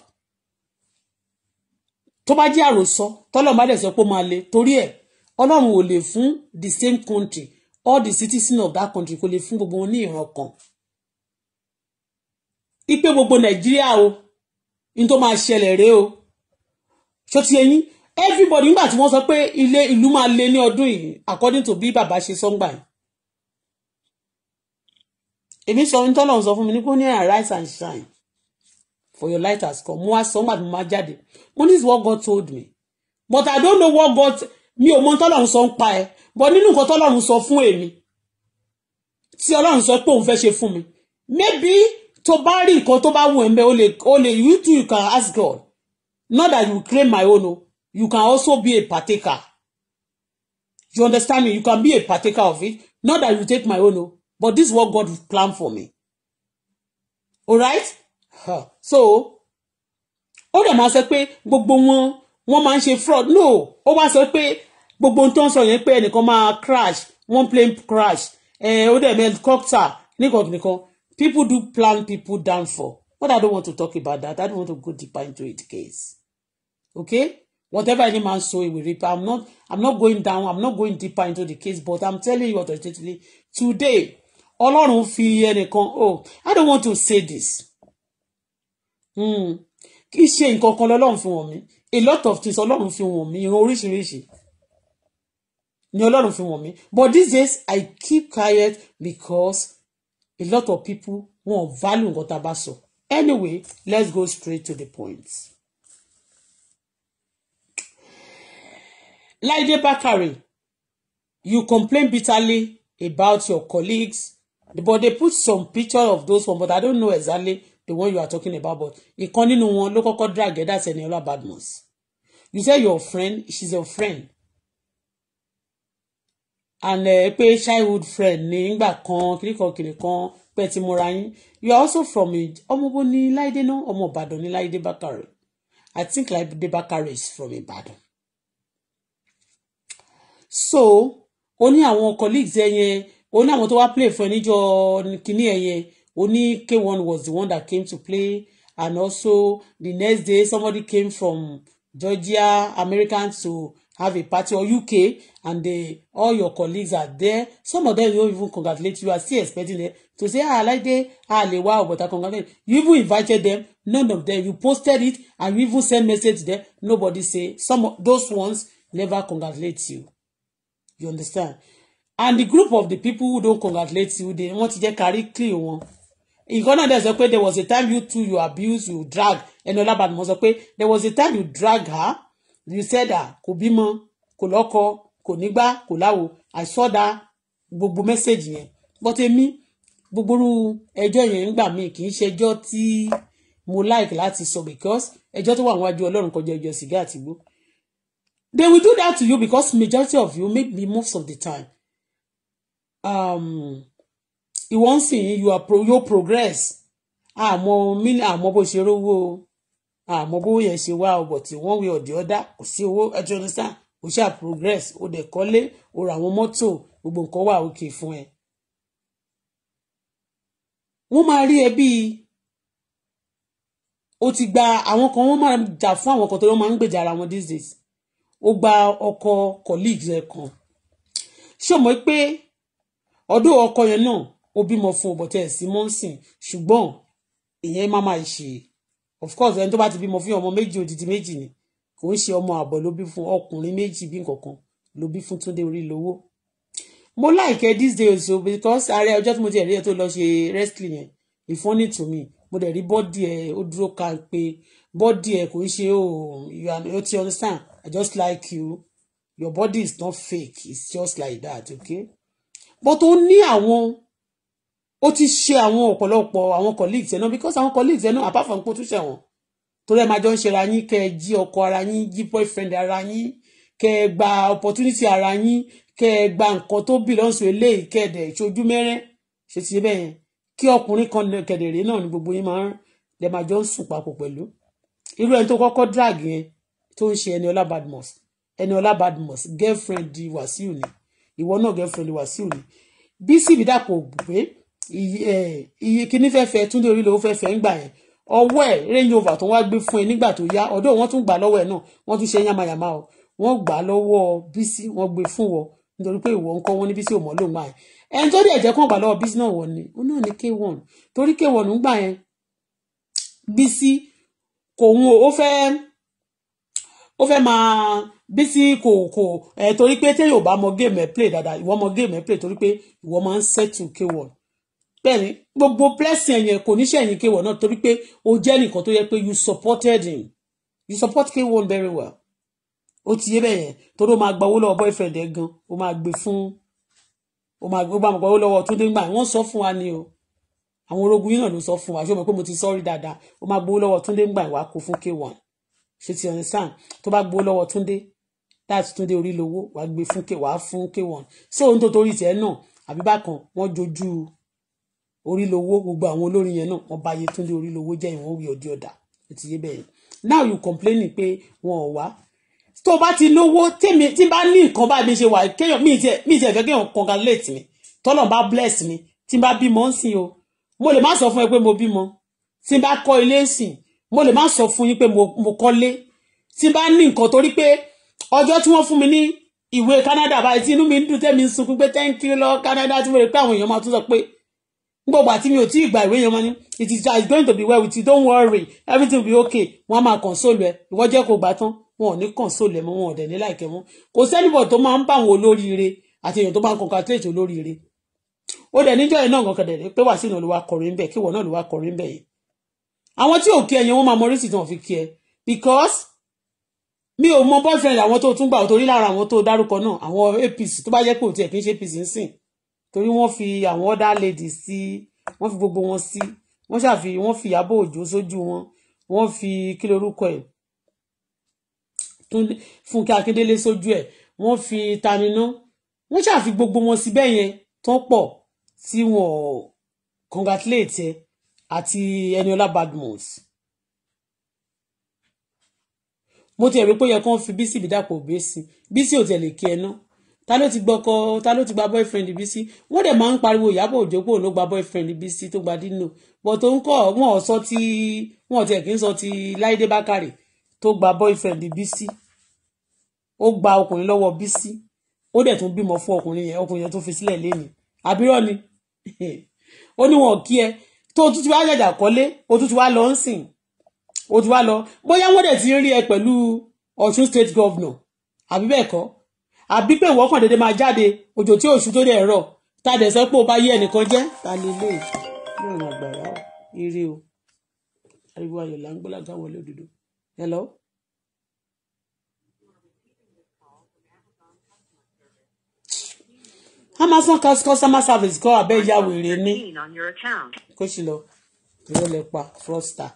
tó bá jẹ́ àròsọ tọ́lọ̀ má dẹ̀ sọ pé ó máa le torí ẹ̀ ọlọ́run ò lè fún the same country all the citizens of that country kò lè fún gbogbo wọn ní ìran kan ipe gbogbo nàìjíríà o n tó máa ṣẹlẹ̀ rèé o ṣó ti ẹyin everybody nígbà tí wọ́n sọ pé ilé ìlú máa le ní ọdún yìí according to bí bàbá ṣe sọ ń gbà yìí èmi sọ ohun tọ́lọ̀ sọ fún mi ní kó ní àìrise and shine for your light has come mo wá sọ nígbà tí mo máa jáde mo ní is what God told me but I don't know what God mi ò mọ tọ́lọ́run sọ ń pa ẹ but nínú nǹkan tọ́lọ́run sọ fún èmi tí ọlọ́run sọ pé òun fẹ́ ṣe fún mi maybe tó bá rí nǹkan tó bá wù ẹ́ mbẹ́ o lè you too you can ask God not that you claim my own o you can also be a partaker you understand me you can be a partaker of it not that you take my own o but this is what God plan for me alright so ó dẹ̀ máa sọ pé gbogbo wọn wọ́n máa ń ṣe fraud no ó wá sọ pé gbogbo ohun tó ń sọ yẹn pé ẹnìkan máa crash one plane crash ó dẹ̀ mẹ́ helicopter nìkan nìkan people do plan people down for What I don't want to talk about that I don't want to go deeper into it case okay whatever any man sow he will reap I'm not I'm not going down I'm not going deeper into the case but I'm telling you authoritatively today Ọlọ́run fi ẹnìkan oh I don't want to say this Hmm. kì í ṣe nǹkan kan lọ́lọ́run fi wọ̀n mí a lot of things ọlọ́run fi wọ̀n mí ìran oríṣiríṣi ni ọlọ́run fi wọ̀n mí but these days I keep quiet because a lot of people wọn value nǹkan tá a bá sọ anyway let's go straight to the point. Laide Bakare you complain bitterly about your colleagues but they put some picture of those ones but I don't know exactly the one you are talking about but ìkan nínú wọn ló kọ́kọ́ drag ẹ̀ that's bad Badmus you say your friend she's your friend and uh, pé childhood friend ní ìgbà kan kìnìkan kìnìkan pẹ́ ti mọ́ra yín you are also from ọmọbó ní láìdé náà ọmọ ìbàdàn ní láìdé bákàrẹ̀ i think láìdé bákàrẹ̀ is from ìbàdàn so ó ní àwọn colleagues ẹ yẹn ó ní àwọn tó wá play fún ẹ níjọ́ kínní ẹ yẹn only K1 was the one that came to play and also the next day somebody came from Georgia Americans to have a party or UK and they, all your colleagues are there some of them don't even congratulate you are still expecting them to say ah like they ah lewa but I congratulate you even invited them none of them you posted it and you even send message to them nobody say some of those ones never congratulate you you understand and the group of the people who don't congratulate you they want to jẹ carry clean one ìkan náà dẹ̀ sọ pé there was a time you too you abuse you drag ẹni ọlábàdàn mo sọ pé there was a time you drag her you said her kò bímọ kò lọ́kọ kò nígbà kò láwo I saw that gbogbo message yẹn but èmi gbogbo ẹjọ́ yẹn ń gbà mí kì í ṣẹjọ́ tí mo like láti sọ because ẹjọ́ tó wà níwájú ọlọ́run kọjá ẹjọ́ sìgá àtìgbó they will do that to you because majority of you make me most of the time um, ìwọ ń sìn you are pro you progress àmọ́ mílí àmọ́ bó ṣe rówó àmọ́ bó yẹn ṣe wá ọbọ tí wọ́n wí ọdẹ ọdá kò sí owó ẹjọ ní sáà kò ṣáà progress ó dẹ̀ kọ́lé ó ra àwọn mọ́tò gbogbo nǹkan wà òkè fún ẹ. wọ́n máa rí ẹ bíi o ti gba àwọn kan wọ́n máa jà fún àwọn kan tó wọ́n máa ń gbèjà ara wọn these days ó gba ọkọ colleagues ẹ kan ṣé o mọ̀ pé ọdún ọkọ yẹn náà ó bímọ fún ọbọtẹ sí mọ́ǹsìn ṣùgbọ́n ìyẹn má máa ṣe of course ẹni tó bá ti bímọ fún ọmọ méjì odidi méjì ni kò ń ṣe ọmọ àbọ̀ ló bí fún ọkùnrin méjì bí nǹkankan ló bí fún Túndé orí lówó mo láìkẹ these days o because ààrẹ ọjọ́ tí mo ti rí ẹ tó lọ ṣe wrestling yẹn ìfọ́nì to me mo dẹ̀ rí bọ́dì ẹ ó dúró ka pé bọ́dì ẹ kò ń ṣe o you are you understand i just like you your body is not fake it's just like that okay but ó ní àwọn ó ti ṣe àwọn ọ̀pọ̀lọpọ̀ àwọn colleagues ẹ̀ náà because àwọn colleagues ẹ̀ náà apart from kó tún ṣẹ̀ wọ́n torí ẹ̀ máa jọ ń ṣe ara yín kẹ́ ẹ jí ọkọ ara yín jí boyfriend ara yín kẹ́ ẹ gba opportunity ara yín kẹ́ ẹ gba nǹkan tó bì lọ́sùn eléyìí kẹ́ ẹ dẹ̀ ṣojú mẹ́rẹ́ ṣe ti bẹ́ẹ̀ yẹn kí ọkùnrin kan kẹ̀dẹ̀rẹ́ náà ni gbogbo yín máa ń lẹ́ máa jọ ń sùn papọ̀ pẹ̀lú irú ẹni tó kọ́kọ́ drag yẹn tó ń ṣe Eniola Badmus Eniola Badmus girlfriend Wasiu ni ìwọ náà girlfriend Wasiu ni Bísí Ìbídàpọ̀ gbé Eh, iye kíní fẹ́fẹ́ túndé orí lòó fẹ́fẹ́ ń gbà yẹn ọwọ́ ẹ̀ rẹ́yìnova tó wá gbé fún ẹ nígbà tó yá ọ̀dọ́ wọn tún gbà lọ́wọ́ ẹ̀ náà wọ́n tún ṣe yamayama o wọ́n gbà lọ́wọ́ bísí wọ́n gbé fún wọ nítorí pé ìwọ ń kọ́ wọn ní bísí òmọ́ lòun máa ẹ̀ ẹni tó dẹ̀ jẹ́ kó gbà lọ́wọ́ bísí náà wọ̀n ni ó náà ní k1 torí k1 ń gbà yẹn bísí kò ń ó fẹ́ ó fẹ́ máa bísí kò kò ẹ̀ eh, torí pé téèyàn ò bá mọ géèmù ẹ̀ play dáadáa ìwọ mọ géèmù ẹ̀ play torí pé ìwọ máa ń settle k1 bẹ́ẹ̀ ni gbogbo blessing ẹ̀yẹn kò ní ṣẹ̀yìn kéwọ̀n náà torí pé o jẹ́ nìkan tó yẹ pé you supported him you support kéwọ̀n very well ó ti yé bẹ́ẹ̀ yẹn torí o máa gba owó lọ́wọ́ boyfriend ẹ̀ gan o máa gbé fún o máa gba owó lọ́wọ́ tó dé gbà wọ́n sọ fún wa ni o àwọn orogún yìí náà ló sọ fún wa ṣé o mọ̀ pé mo ti sọ́rí dáadáa o máa gbowó lọ́wọ́ túndé ń gbà wá fún k1 ṣe ti ọ̀rìn sàn tó bá gbowó lọ́wọ́ túndé láti túndé orí lowó wàá gbé fún k wàá fún k1 ṣé ohun tó torí tiẹ̀ náà àbí bákan wọ́n jojú orílowó gbogbo àwọn olórin yẹn náà wọ́n bá yé túnde orílowó jẹ́ ìwọ̀n wí ọdí ọ̀dà ó ti yé now you complaining pé wọn ò wá tó o bá ti lówó tí n bá ní nǹkan bá mi ṣe wà kéèyàn mi ì tẹ̀ fẹ́ kéèyàn congratulate mi tọ́lọ̀ bá bless mi tí n bá bímọ ń sìn o mo lè má sọ fún ẹ pé mo bímọ tí n bá kọ́ ilé sìn mo lè má sọ fún yín pé mo kọ́lé tí n bá ní nǹkan torí pé ọjọ́ tí wọ́n fún mi ní ìwé Canada báyìí tí inú mi ń dùn tẹ́mi ń sunkún pé thank you Lord Canada tí mo lè pé àwọn èèyàn máa tún sọ pé gbogbo àti mi ò tí ì gbà ìwé yẹn mọ́ ni it is just going to be well with you don't worry everything will be okay wọ́n á máa console ẹ ìwọ jẹ́ kó gbà tán wọn ò ní console ẹ mọ́ wọn ò dẹ̀ ní láìkẹ́ mọ́ kò sẹ́nìbọ̀ tó máa ń bá àwọn olóríire àti èèyàn tó máa ń congratulate olóríire ó dẹ̀ níjọ́ yẹn náà kankan dẹ̀ pé wàásù náà ló wá kọrin bẹ́ẹ̀ kí wọ́n náà ló wá kọrin bẹ́ẹ̀ yẹn àwọn tí ò kí ẹ yẹn wọ́n máa mọrí sí tàn fi kí ẹ because mi ò mọ boyfriend àwọn tó tún gbà torí lára àwọn tó dárúkọ náà àwọn APC tó bá jẹ́ pé òtí ẹ̀ kì í ṣe APC ń sìn torí wọ́n fi àwọn other ladies sí wọ́n fi gbogbo wọn sí wọ́n ṣàfi wọ́n fi Ìyábọ̀ Òjó sójú wọn wọ́n fi kí lorúkọ ẹ̀ Fúnkẹ́ Akíndélé sójú ẹ̀ wọ́n fi taniná wọ́n ṣàfi gbogbo wọn sí bẹ́ẹ̀ yẹn tó pọ̀ tí wọ́n congratulate ẹ àti Ẹniọlá Badmus mo ti ẹ̀rí pé yẹ kó fi Bísí mi dàpọ̀ Bísí Bísí ò tẹ̀lé kí ẹ náà ta ló ti gbọkọ ta ló ti gba boyfriend Bísí wọ́n dẹ̀ máa ń pariwo Ìyábọ̀ Òjó pé òun ló gba boyfriend Bísí tó gba Dino bọ̀ tó ń kọ́ wọn ò sọ ti wọn ò tiẹ̀ kì í sọ ti Láìdé Bákàrè tó gba boyfriend Bísí ó gba ọkùnrin lọ́wọ́ Bísí ó dẹ̀ tún bímọ fún ọkùnrin yẹn ọkùnrin yẹn tó fi sílẹ̀ lẹ́nu àbírọ̀ ni ó ní wọn kí ẹ tó o tún ti wá jàjà kọ́lé o tún ti wá lọ ń sìn o tún wá lọ bóyá wọ́n dẹ̀ ti rí ẹ pẹ̀lú Ọ̀ṣun state governor àbí bẹ́ẹ̀ kọ́ àbí pé ìwọ kàn déédé máa jáde òjò tí òṣù tó dẹ̀ rọ̀ ta dẹ̀ sọ pé o bá yé ẹnìkan jẹ́ ta ni ilé ìlú ìrìn àgbàrá ire o ariwo ayọ̀ là ń gbọ́ lága wọlé òdodo hello. amazon customer service kọ́ abẹ́ ìyá wèrè ní kó sì lọ ìrọ̀lẹ́ pa frosta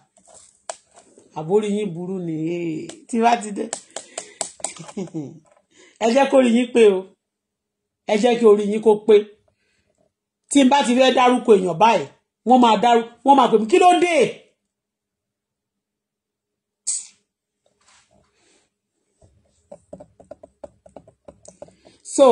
àbórí yín burú nìyẹn eh, tí wàá ti dé. ẹ jẹ́ kó rí yín pé o ẹ jẹ́ kí orí yín kó pé tí n bá ti fẹ́ dárúkọ èèyàn báyìí wọ́n máa dárú wọ́n máa pè mí kí ló dé. so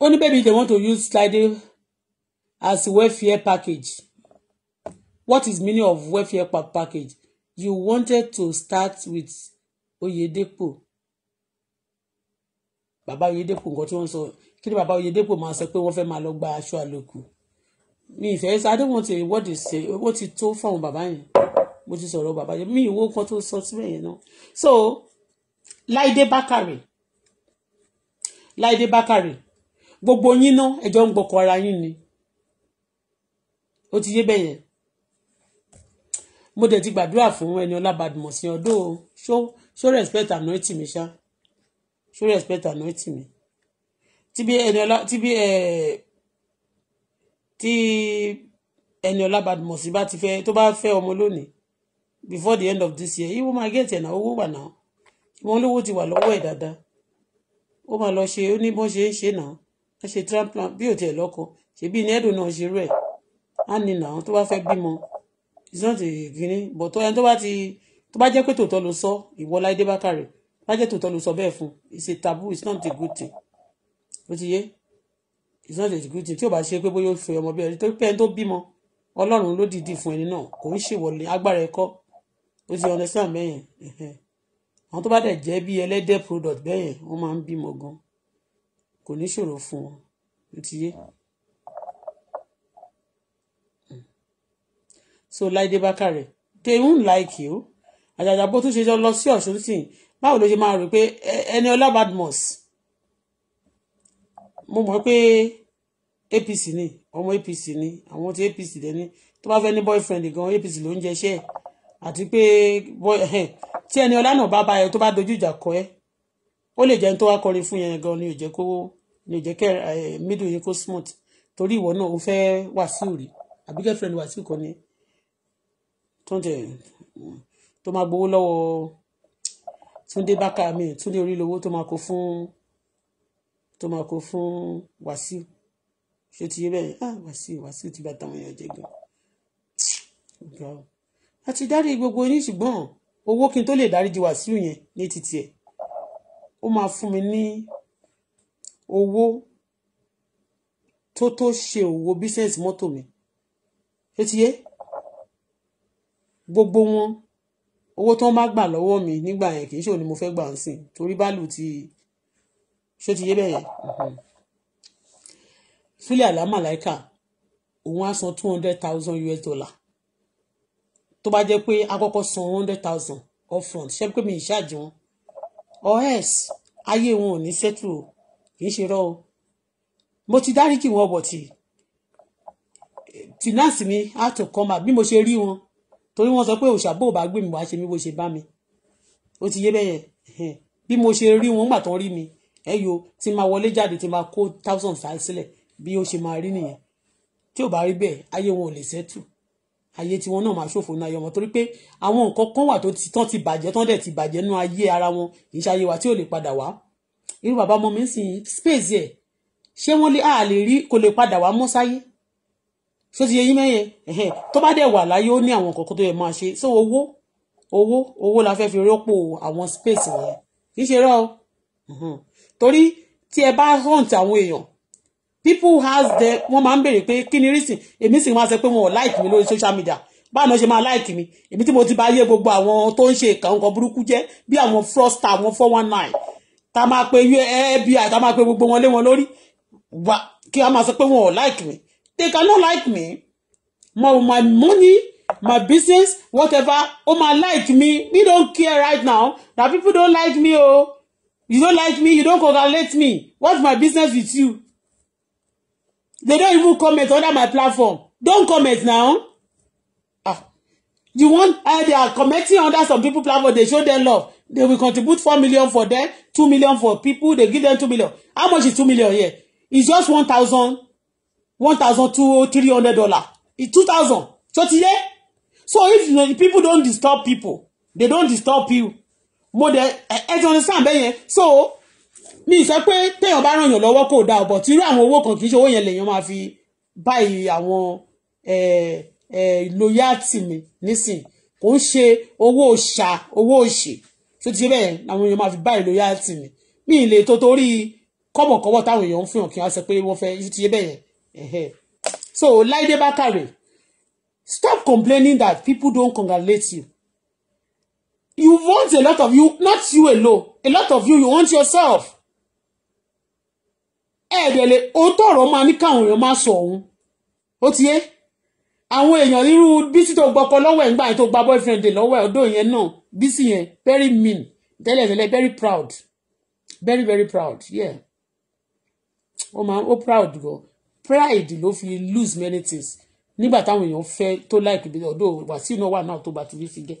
only baby they want to use sliding as welfare package what is meaning of welfare package you wanted to start with Oyedepo Baba Oyedepo nǹkan tí wọ́n sọ kí ni bàbá Oyedepo máa sọ pé wọ́n fẹ́ máa lọ gba aṣọ àlòkù mi ìfẹ́ sọ adéwọ̀n ti what they say owó ti tó fáwọn Baba? yẹn mo ti sọ̀rọ̀ bàbá yẹn mi ìwó kan tó sọ síbẹ̀ yẹn náà so Láìdé Bákàrè Láìdé Bákàrè gbogbo yín náà ẹjọ́ ń gbọ́kọ̀ ara yín ni ó ti yé bẹ́yẹn mo dẹ̀ ti gbàdúrà fún Eniola Badmus sí ọdún o show show respect anointing mi ṣá show respect anointing mi tí bí Eniola tí bí ẹ tí Eniola Badmus sí bá ti fẹ́ tó bá fẹ́ ọmọ lónìí before the end of this year ìwọ máa gẹ̀ẹ́tì ẹ̀nà owó wà náà ìwọ olówó ti wà lọ́wọ́ ẹ̀ dáadáa ó máa lọ ṣe ó ní bọ́n ṣe ń ṣe náà wọ́n ṣe transplant bí ò tiẹ̀ lọ́kọ ṣèbí ní ẹ̀dùn náà ṣe rú ẹ̀ á ní náà tó bá fẹ́ bímọ it's not a ìgínní but tó ẹni tó bá ti tó bá jẹ́ pé tòótọ́ ló sọ ìwọ Láìdé Bákàrè bá jẹ́ tòótọ́ ló sọ bẹ́ẹ̀ fún it's a taboo it's not a good thing ó ti yé it's not a good thing tí ò bá ṣe pé bóyá ó fẹ́ ọmọ bí ẹni torí pé ẹni tó bímọ Ọlọ́run ló dìídì fún ẹni náà kò ń ṣèwọlé agbára ẹ̀kọ́ ó ti understand bẹ́yẹn àwọn tó bá dẹ̀ jẹ́ bí ẹlẹ́dẹ̀ product bẹ́yẹn wọ́n máa ń bímọ gan kò ní ṣòro fún wọn ó ti yé. so Láìdé Bákàrẹ̀ they won't like you àjàjà bó tún ṣe lọ sí Ọ̀ṣun sí báwo ló ṣe máa rò pé ẹni ọlá Badmus mo mọ̀ pé APC ni ọmọ APC ni àwọn ti APC lẹ́ni tó bá fẹ́ ní boyfriend gan APC ló ń jẹṣẹ́ àti pé tí ẹni ọlá náà bá bá ẹ tó bá dojú ìjà kọ ẹ ó lè jẹ́ ní tó wá kọrin fún yẹn gan ni ò jẹ́ kó ni ò jẹ́ kẹ́ middle yẹn kó smooth torí ìwọ náà ó fẹ́ Wàsíù rí àbí girlfriend Wàsíù kan ni túndé tó máa gbowó lọ́wọ́ túndé bákà mi túndé orílowó tó máa kó fún tó máa kó fún wàsíù ṣé ti yé bẹ́ẹ̀ ah wàsíù wàsíù ti bá táwọn èèyàn jẹ gan a ti dárí gbogbo yín ṣùgbọ́n owó kí n tó lè dáríji wàsíù yẹn ní títì ẹ̀ ó máa fún mi ní owó tó tó ṣe òwò bísẹ̀nsì mọ́tò mi ṣé ti yé gbogbo wọn owó tó ń bá gbà lọ́wọ́ mi nígbà yẹn kì í ṣòwò ni mo fẹ́ gbà ń sìn torí báàlù ti ṣó ti yé bẹ́ẹ̀ yẹn fúlẹ̀ mm-hmm. òun á san two hundred thousand US dollar tó bá jẹ́ pé àkọ́kọ́ san one hundred thousand upfront ṣé pé mi ìṣáàjì wọn or else ayé wọn ò ní settle o kì í ṣe rọ o mo ti dárí wọn bọ̀ tì eh, finance mi á tó kọ́ mà bí mo ṣe rí wọn torí wọ́n sọ pé òòṣà bó bá gbé mi wá ṣe mí bó ṣe bá mi ó ti yé bẹ́yẹn bí mo ṣe rí wọn gbà tán rí mi ẹyọ tí máa wọlé jáde tí máa kó thousand sáà sílẹ̀ bí ó ṣe máa rí nìyẹn tí ò bá rí bẹ́ẹ̀ ayé wọn ò lè ṣẹ́tù ayé tiwọn náà máa ṣòfò náà yọmọ torí pé àwọn nǹkan kan wà tán ti bàjẹ́ tán dẹ̀ ti bàjẹ́ nú ayé ara wọn kì ayé wa tí ò lè padà wá irú bàbá ọmọ mi ń sìn space yẹ ṣé wọ́n lè àlè rí kò lè padà wá mọ́ sáyé ṣó ti yẹ yín mẹ́yẹn ẹ̀hẹ́n tó bá dẹ̀ wà láyé ó ní àwọn kọ̀ọ̀kan tó yẹ máa ṣe so owó owó owó la fẹ́ fi rọ́pò àwọn space yẹn kì í ṣe rọ́ mhm. torí tí ẹ bá hunt àwọn èèyàn people has them wọ́n máa ń béèrè pé kí ni reason èmi sì máa sọ pé wọn ò like mi lórí social media báwo ni wọ́n ṣe máa like mi èmi tí mo ti bá yé gbogbo àwọn tó ń ṣe ìkà nǹkan burúkú jẹ́ bí àwọn frosta àwọn four one nine tá máa pe FBI tá máa pe gbogbo wọn lé wọn lórí kí wọ́n máa sọ pé wọn ò like mi they cannot like me my my money my business whatever ó oh, máa like me me don't care right now na people don't like me o oh. you don't like me you don't congratulate me what's my business with you they don't even comment under my platform don't comment now ah you want uh, they are commenting under some people platform they show them love they will contribute four million for them two million for people they give them two million how much is two million here it's just one thousand one thousand two three hundred dollar two thousand so ti so if you know, people don disturb people they don disturb you mo de ẹ ti understand bẹ́ẹ̀ so mi sọ pé téèyàn bá ràn yàn lọ́wọ́ kò dáa but irú àwọn owó kan kì í ṣe owó yẹn lèèyàn máa fi báyìí àwọn loyalty mi nísìn kò ń ṣe owó ṣà owó òṣì tó ti bẹ́ẹ̀ làwọn èèyàn máa fi báyìí loyalty mi mi ì lè tó torí kọ́bọ̀kọ́bọ̀ táwọn èèyàn ń fihàn kí wọ́n sọ pé wọ́n fẹ́ tó ti bẹ́ẹ̀ yẹn so Laide Bakare stop complaining that people don't congratulate you you want a lot of you not you alone a lot of you you want yourself ẹ̀ẹ́dẹ̀lẹ̀ òótọ́ ọ̀rọ̀ máa ní káwọn èèyàn máa sọ òun ó ti yé àwọn èèyàn nínú bísí tó gbọ́kọ lọ́wọ́ ẹ̀ ńgbà yẹn tó gba boyfriend lọ́wọ́ ẹ̀ ọdún yẹn náà bísí yẹn very mean tẹ́lẹ̀tẹ́lẹ̀ very proud very very proud yeah ó máa ó proud gan pride ló fi lose many things nígbà táwọn èèyàn fẹ́ tó like bí ọ̀dọ̀ Wàsíù náà wà náà tó bá ti bí sí jẹ́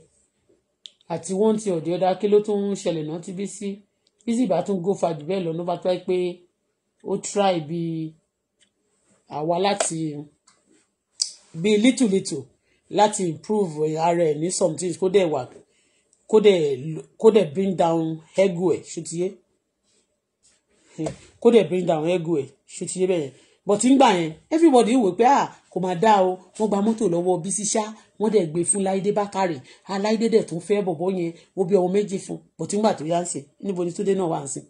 àti one thing or the other kí ló tún ń ṣẹlẹ̀ náà ti bí sí bísí ìbá tún go far jù bẹ́ẹ̀ lọ ló bá pẹ́ pé ó try bí àwa láti bí little little láti improve ara ẹ̀ ní something kó dẹ̀ wà kó dẹ̀ kó dẹ̀ bring down ego ẹ̀ ṣùtìyẹ́ kó dẹ̀ bring down ego ẹ̀ ṣùtìyẹ́ bẹ́ẹ̀ yẹn bọ̀tí ń gbà yẹn everybody wò pé ah kò máa dá o wọ́n gba mọ́tò lọ́wọ́ Bísí ṣá wọ́n dẹ̀ gbé fún Láìdé Bákàrè aláìdé ah, dẹ̀ tó fẹ́ bọ̀bọ̀ yẹn ó bí ọmọ méjì fún bọ̀tí ń gbà tó yá ń sìn níbo ni Túndé náà wà ń sìn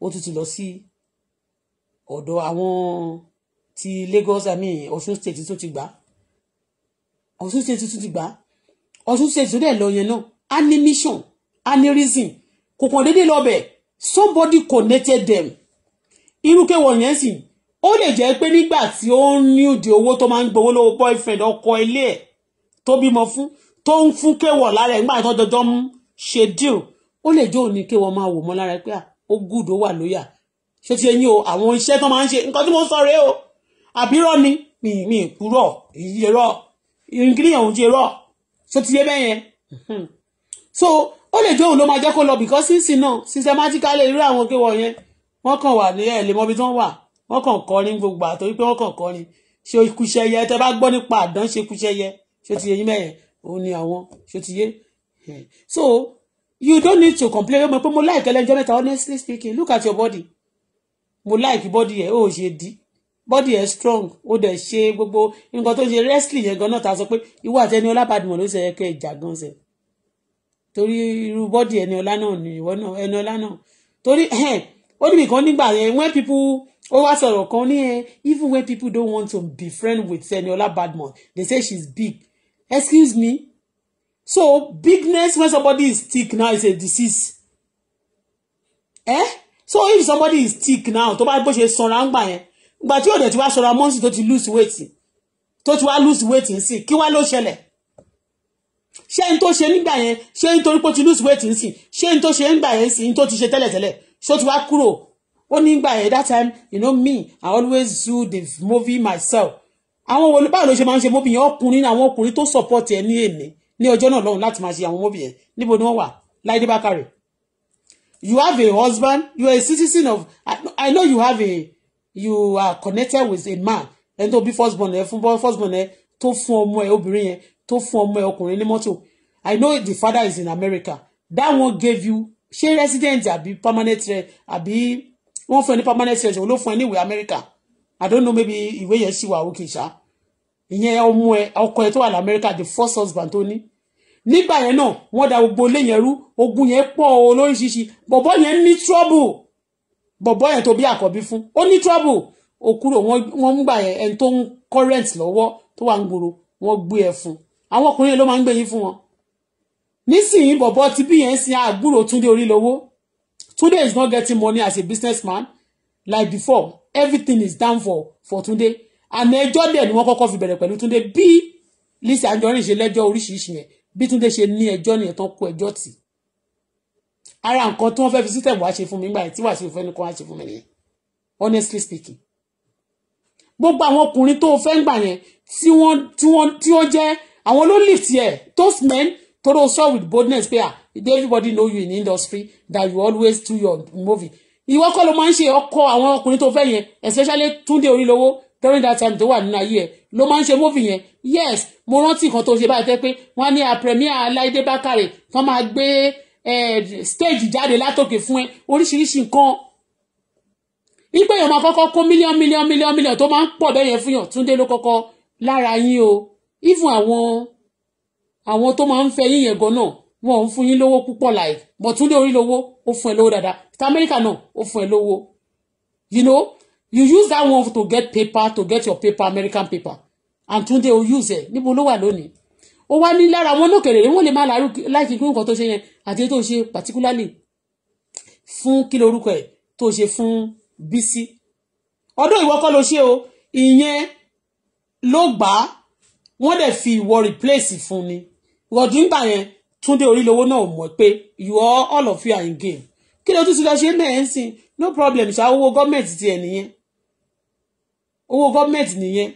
ó tún ti lọ sí ọ̀dọ̀ àwọn ti Lagos àmì Ọ̀ṣun state tó ti gbà Ọ̀ṣun state tó ti gbà Ọ̀ṣun state tó dẹ̀ lọ yẹn náà a ní mission a ní reason kò kàn déédéé lọ bẹ̀ somebody connected them irú kéwọ̀n yẹn sìn ó lè jẹ́ pé nígbà tí ó ń nídìí owó tó máa ń gbowó lọ́wọ́ boyfriend ọkọ ilé ẹ̀ tó bímọ fún tó ń fún kéwọ̀ lára ẹ̀ nígbà tó jọjọ́ ń ṣe deal ó lè jẹ́ òní kéwọ̀ máa wò mọ́ lára pé ah, ó good ó wà lóyà ṣé ti ẹyin o àwọn iṣẹ́ tó máa ń ṣe nǹkan tí mo sọ rèé o àbírọ̀ ni mi mi kúrọ̀ èyí rọ̀ ìrìnkìlìyàn òun ṣe rọ̀ ṣé ti yé bẹ́yẹn hmm. so ó lè jẹ́ òun ló máa jẹ́ kó lọ because sínsìn náà systematically irú àwọn kéwọ̀ yẹn wọ́n kàn wà ní ẹ̀ lè mọ ibi tí wọ́n wà wọ́n kàn kọrin gbogbo àtọ́rí pé wọ́n kàn kọrin ṣe ikúṣẹyẹ tẹ bá gbọ́ nípa àdán ṣe ikúṣẹyẹ ṣe ti yẹ yín mẹ́yẹn òun ni àwọn ṣe ti yé so you don't need to complain ọmọ pé mo like ẹlẹ́jọ́ mẹ́ta honestly speaking look at your body mo like body ẹ̀ ó ṣe dí body ẹ̀ strong ó dẹ̀ ṣe gbogbo nǹkan tó ṣe wrestling yẹn gan náà ta sọ pé ìwọ àti ẹni ọlábàdìmọ̀ ló ṣe ẹkẹ ìjà gan ṣe torí irú body ẹni ọlá náà ni ìwọ náà ẹni ọlá náà torí ó níbi kan nígbà yẹn when people ó wá sọ̀rọ̀ kan ní ẹ even when people don't want to be friend with Eniola Badmus they say she's big excuse me so bigness when somebody is thick now is a disease eh so if somebody is thick now tó bá bó ṣe sanra ń gbà yẹn gbà tí òde tí wàá sanra mọ́sí tó ti lose weight tó ti wàá lose weight ń sìn kí wàá ló ṣẹlẹ̀ ṣé n tó ṣe nígbà yẹn ṣé n torí pé ó ti lose weight ń sìn ṣé n tó ṣe nígbà yẹn ń sìn n tó ti ṣe tẹ́lẹ̀tẹ́lẹ̀ So ti wá kúrò ó ní gbà yẹn that time you know me i always do the movie myself àwọn wo báwo ló ṣe máa ń ṣe mọ́bì yẹn ọkùnrin àwọn ọkùnrin tó support ẹ ní èmi ní ọjọ́ náà lọ́hùn láti máa ṣe àwọn mọ́bì yẹn níbo ni wọ́n wà Láìdé Bákàrè you have a husband you are a citizen of i, I know you have a you are connected with a man ẹni tó bí first born ẹ fún first born ẹ tó fún ọmọ ẹ obìnrin yẹn tó fún ọmọ ẹ ọkùnrin ní mọ́tò i know the father is in America that one gave you ṣé resident àbí permanent àbí wọ́n fún ẹ ní permanent resident ló fún ẹ ní ìwé Amẹ́ríkà I don't know maybe ìwé yẹn ṣì wà òkè ṣá ìyẹn ọmọ ẹ ọkọ ẹ tó wà America the first husband tó ní nígbà yẹn náà wọ́n da gbogbo ilé yẹn rú ogun yẹn pọ̀ olóríṣiríṣi bọ̀bọ̀ yẹn ní trouble bọ̀bọ̀ yẹn tó bí àkọ́bí fún ó ní trouble ó kúrò wọ́n ń gbà yẹn ẹni tó ń current lọ́wọ́ tó wà ń gbòòrò wọ́n gbé ẹ fún àwọn ọkùnrin yẹn ló máa ń gbé yín fún wọn nísìnyí bọ̀bọ̀ ti bí yẹn sin àgbúrò Túndé Orílọ́wọ́ Túndé is not getting money as a businessman like before everything is down for for Túndé àmì ẹjọ́ dẹ̀ ni wọ́n kọ́kọ́ fi bẹ̀rẹ̀ pẹ̀lú Túndé bí Lizzy Anjorin ṣe lẹ́jọ́ oríṣiríṣi yẹn bí Túndé ṣe ní ẹjọ́ nìyẹn tán kó ẹjọ́ tì ara nǹkan tí wọ́n fẹ́ fi system wá ṣe fún mi gbà tí wàá ṣe fẹ́ nìkan wá ṣe fún mi nìyẹn honestly speaking gbogbo àwọn ọkùnrin tó fẹ́ ń gbà yẹn tí wọ́n tí wọ́n tí wọ́n jẹ́ àwọn ló lift yẹ those men toro sọ with boldness pé ah everybody know you in industry that you always do your movie ìwọ kọ́ ló máa ń ṣe ọkọ àwọn ọkùnrin tó fẹ́ yẹn especially túndé orílowó during that time tó wà nínú ayé ẹ ló máa ń ṣe movie yẹn yes mo rántí nǹkan tó ṣe báyìí tẹ́ pé wọ́n á ní a premier aláìdé bákàrẹ̀ kan máa gbé stage jáde látòkè fún ẹ oríṣiríṣi nǹkan wípé èèyàn máa kọ́kọ́ kó mílíọ̀n mílíọ̀n mílíọ̀n million tó máa ń pọ̀ bẹ́yẹn fún yàn túndé ló kọ́kọ́ lára yín o even àwọn àwọn tó máa ń fẹ́ yín yẹn gan náà wọn ò ń fún yín lówó púpọ̀ láì bọ̀ tún lé orí lówó ó fún ẹ lówó dáadáa ti amẹ́ríkà náà ó fún ẹ lówó you know you use that one to get paper to get your paper american paper and túndé o use ẹ níbo ló wà lónìí ó wá ní lára wọn náà kẹrẹrẹ wọn lè má láìkí kí nǹkan tó ṣe yẹn àti tó ṣe particularly fún kí lorúkọ ẹ tó ṣe fún Bísí ọdún ìwọ kọ́ ló ṣe o ìyẹn ló gbà á wọ́n dẹ̀ fi ìwọ replace fún ni wọ̀dù ń gbà yẹn túndé orílẹ̀-èdè náà mọ̀ pé you all all of you are in game kí ló tún ti lọ ṣe náà ẹ̀ ń sìn no problem ṣá owó gọ́ọ̀mẹ̀ntì tiẹ̀ nìyẹn owó gọ́ọ̀mẹ̀ntì nìyẹn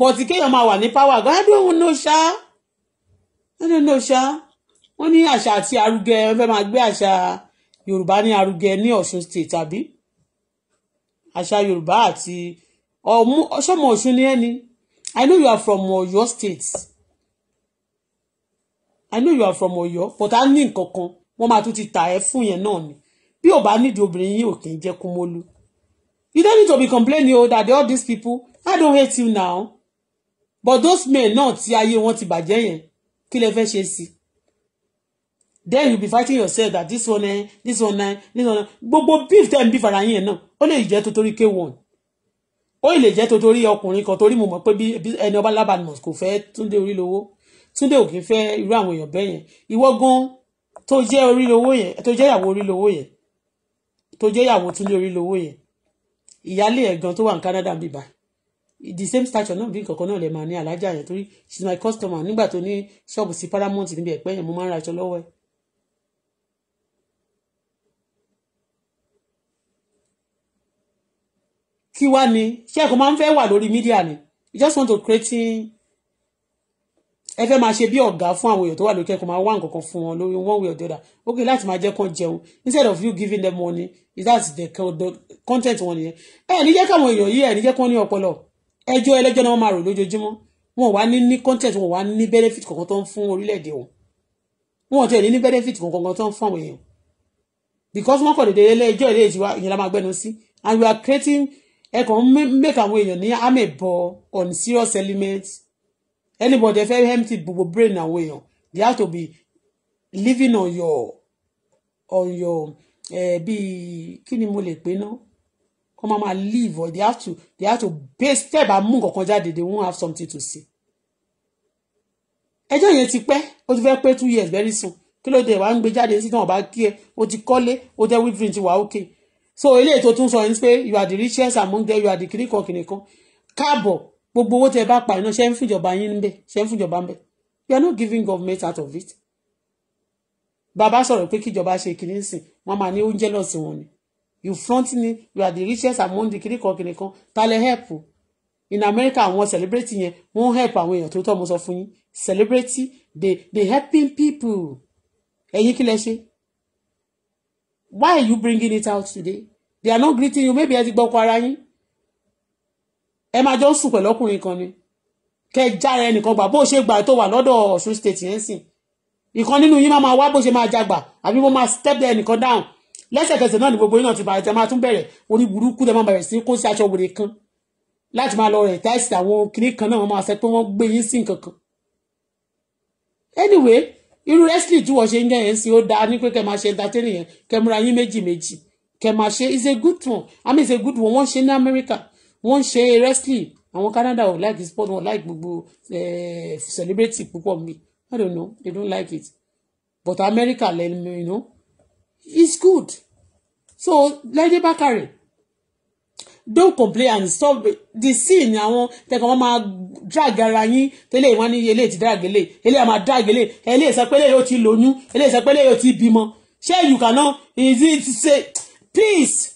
bọ̀tì kéèyàn máa wà ní power gan I don't know ṣá I don't know ṣá wọ́n ní àṣà àti arúgẹ wọ́n fẹ́ máa gbé àṣà Yorùbá ní arúgẹ ní Ọ̀ṣun state tàbí àṣà Yorùbá àti ọmọ ọṣọmọ Ọ̀ṣun ni ẹni I know you are from your state I know you are from Oyo, but a ní nǹkan kan wọ́n máa tún ti tà ẹ́ fún yẹn náà ni bí ò bá nídìí obìnrin yín ò kì í jẹ́ kú mólú you don't need to be complaining o oh, that all these people I don't hate you now but those men náà tí ayé wọn ti bàjẹ́ yẹn kí lẹ fẹ́ ṣe sí then you be fighting yourself that this one eh this one eh this one eh gbogbo beef ten beef ara yín yẹn náà ó lè jẹ́ totori k one. ó lè jẹ́ totori ọkùnrin kan torí mo mọ̀ pé bí ẹni ọba lábàánu kò fẹ́ túndé orí lówó Túndé ò kì í fẹ́ irú àwọn èèyàn bẹ́ẹ̀ yẹn ìwọ gan tó jẹ́ orí lowó yẹn tó jẹ́ ìyàwó orí lowó yẹn tó jẹ́ ìyàwó Túndé orí lowó yẹn ìyálé ẹ̀ gan tó wà ní Canada bíbá the same statue. náà bí kankan náà lè máa ní alájà yẹn torí she is my customer nígbà tó ní ṣọ́ọ̀bù sí Paramount níbi ẹ̀pẹ́ yẹn mo máa ń ra aṣọ lọ́wọ́ ẹ̀. kí wá ni ṣé ẹ̀kọ́ máa ń fẹ́ wà lórí mídíà ni you just want to create ẹ fẹ́ máa ṣe bí ọ̀gá fún àwọn èèyàn tó wà lókè kó máa wá nǹkan kan fún wọn lórí one way or the other ok láti máa jẹ́ kán jẹun instead of you giving them money is that the content wọn nìyẹn ẹ ní jẹ́ káwọn èèyàn yìí ẹ ní jẹ́ kán ní ọpọlọ ẹjọ́ ẹlẹ́jọ́ náà wọ́n máa rò lójoojúmọ́ wọn wá ní ní content wọn wá ní benefit kankan tó ń fún orílẹ̀-èdè wọn wọn tẹ̀ ní ní benefit kankan tó ń fún àwọn èèyàn because wọn kọ̀ dédé ẹlẹ́jọ́ ilé ìjìwá and we are creating ẹ̀kan make àwọn èèyàn ní amẹ̀bọ on serious elements anybody ẹ fẹ́ empty gbogbo brain away. èèyàn they have to be living on your on your eh, bíi kí ni mo lè pè náà kọ́ máa live or they have to they have to base tẹ́ ẹ̀ bá mú nǹkan they won't have something to see. ẹjọ́ yẹn ti pe. ó ti fẹ́ pé two years very soon Kilo de wa wà ń si jáde sí náà bá kí ẹ o ti kọ́lé o jẹ́ wíìdìrín ti wà ókè so eléyìí tó tún sọ yẹn ni you are the richest among them you are the kìnìkan kìnìkan káàbọ̀ gbogbo owó tẹ bá pa iná ṣe ń fúnjọba yín ń bẹ ṣe ń fúnjọba ń bẹ you are not giving government out of it bàbá sọ̀rọ̀ pé kíjọba ṣe kìíní sìn wọ́n máa ní oúnjẹ lọ́sìn wọn ni you front ni you are the richest among the kìíní kan kìíní kan ta lẹ help in America àwọn celebrity yẹn wọ́n help àwọn èèyàn tó tọ́ mo sọ fún yín celebrity they they helping people ẹ̀yin kí lẹ ṣe why are you bringing it out today they are not greeting you maybe ẹ ti gbọ́ ọkọ ara yín ẹ máa jọ ń sùn pẹ̀lú ọkùnrin kan ni kẹ jára ẹnìkan gbà bó ṣe gbà tó wà lọ́dọ̀ Ọ̀ṣun state yẹn sìn ìkan nínú yín máa wá bó ṣe máa jagbà àbí mo máa step there ẹnìkan down lẹ́sẹ̀kẹsẹ̀ náà ni gbogbo yín náà ti bàjẹ́ máa tún bẹ̀rẹ̀ orí burúkú lẹ́ máa bẹ̀rẹ̀ sí kó sí aṣọ wèrè kan láti máa lọ rẹ̀ táìsì àwọn kìnnì kan náà wọ́n máa sẹ pé wọ́n gbé yín sí nǹkan kan. anyway irú rẹ́sìlì tí wọ́n ṣe ń yẹn sí ó dáa ní pé kẹ́ máa ṣe entertaining yẹn kẹ́ múra yín méjì méjì kẹ́ máa ṣe is a good one I mean is a good one wọ́n ṣe ní Amẹ́ríkà wọ́n ń ṣe wrestling àwọn Canada ò like sport wọn like gbogbo eh, celebrity púpọ̀ mi I don't know they don't like it but America lẹ́nu you know it's good so Lady Bakare don't complain and stop the scene àwọn tẹkàn wọn máa drag ara yín tẹlẹ wọn ní eléyìí ti drag eléyìí eléyìí máa drag eléyìí eléyìí sọ pé eléyìí ó ti lóyún eléyìí sọ pé eléyìí ó ti bímọ ṣé you cannot is it say please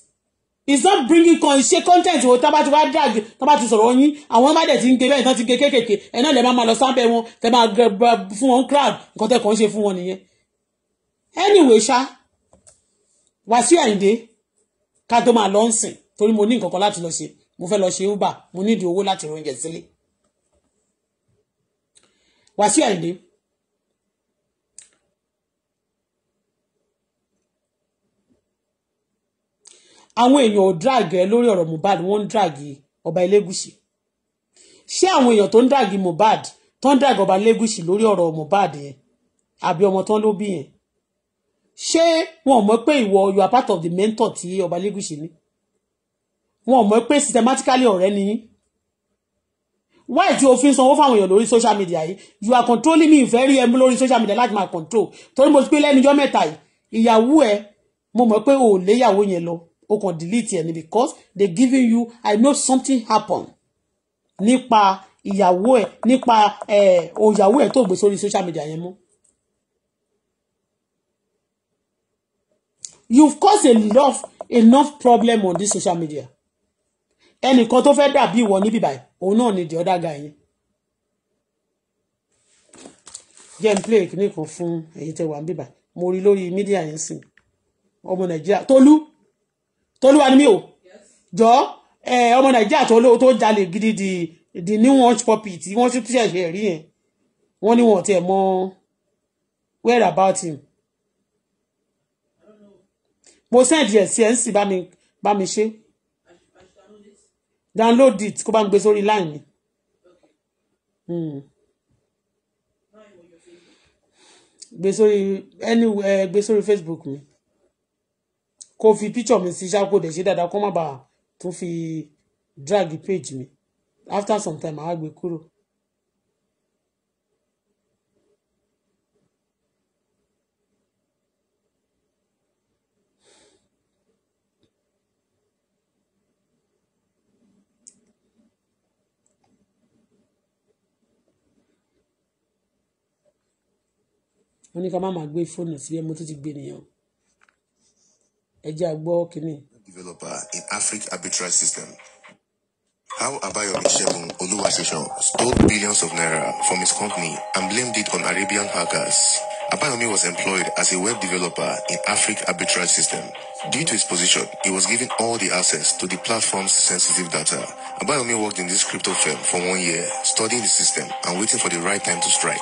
Is not bringing con ṣe content wo tá bá ti wá drag tá bá ti sọ̀rọ̀ yín àwọn bá dẹ̀ ti ń gbé bẹ́ẹ̀ tán ti gbé kéékèèké ẹ̀ náà lè má lọ sábẹ́ wọn tẹ́ máa gbẹ fún wọn crowd nǹkan tẹ́ kàn ń ṣe fún wọn nìyẹn. anyway ṣá Wàsíù Àyìndé ká tó máa lọ ń sìn torí mo ní nǹkan kan láti lọ ṣe mo fẹ́ lọ ṣe uber mo nídìí owó láti rún oúnjẹ sílé. Wàsíù Àyìndé àwọn èèyàn ò drag ẹ lórí ọ̀rọ̀ Mohbad wọ́n ń drag ọba Elégùṣì ṣé àwọn èèyàn tó ń drag Mohbad tó ń drag ọba Elégùṣì lórí ọ̀rọ̀ Mohbad yẹn àbí ọmọ tán ló bí yẹn ṣé wọn ò mọ̀ pé ìwọ you are part of the mentor tí ọba Elégùṣì ni wọn ò mọ̀ pé systematically ọ̀rẹ́ ni yín why tí o fi ń sanwó fáwọn èèyàn lórí social media yìí you are controlling me ìfẹ́ rí ẹ mú lórí social media láti máa control torí mo ti pé lẹ́nu ọjọ́ mẹ́ta yìí ìyàwó ẹ mo mọ̀ pé o ò léyàwó yẹn lọ o kàn delete ẹni because they giving you i know something happen nípa ìyàwó ẹ nípa ẹ eh, òyàwó ẹ tó gbé sórí social media yẹn mọ́. you've caused enough enough problem on this social media ẹnìkan tó fẹ́ dàbí ìwọ níbí báyìí òun náà ni the other guy yẹn. jẹ́ play kìnnìkan fún èyí tẹ́ wà ń bíbà mo rí lórí mídíà yẹn sìn ọmọ nàìjíríà tolú tolúwa ni mí o jọ ọmọ nàìjíríà tó lówó tó jalè gidi di di new launch puppy tí wọ́n tún ṣẹ̀ṣẹ̀ rí yẹn wọ́n ní wọn tiẹ̀ mọ where about him mo send yẹ sí ẹ ń sì bá mi bá mi ṣe download it kó bá ń gbé sórí line mi. Hmm. gbé sórí anywhere gbé sórí Facebook mi. Mm kó fi picture mi sí ṣáko dẹ̀ ṣe dáadáa kó má bàa tún fi drag page mi after some time àá gbé kúrò. wọ́n ní ká má máa gbé fóònù sílẹ̀ mo tún ti gbé nìyẹn o. developer in Africa Arbitrage system. How Abayomi Shebun Oluwasesan stole billions of naira from his company and blamed it on Arabian hackers. Abayomi was employed as a web developer in Africa Arbitrage System. Due to his position, he was given all the access to the platform's sensitive data. Abayomi worked in this crypto firm for one year, studying the system and waiting for the right time to strike.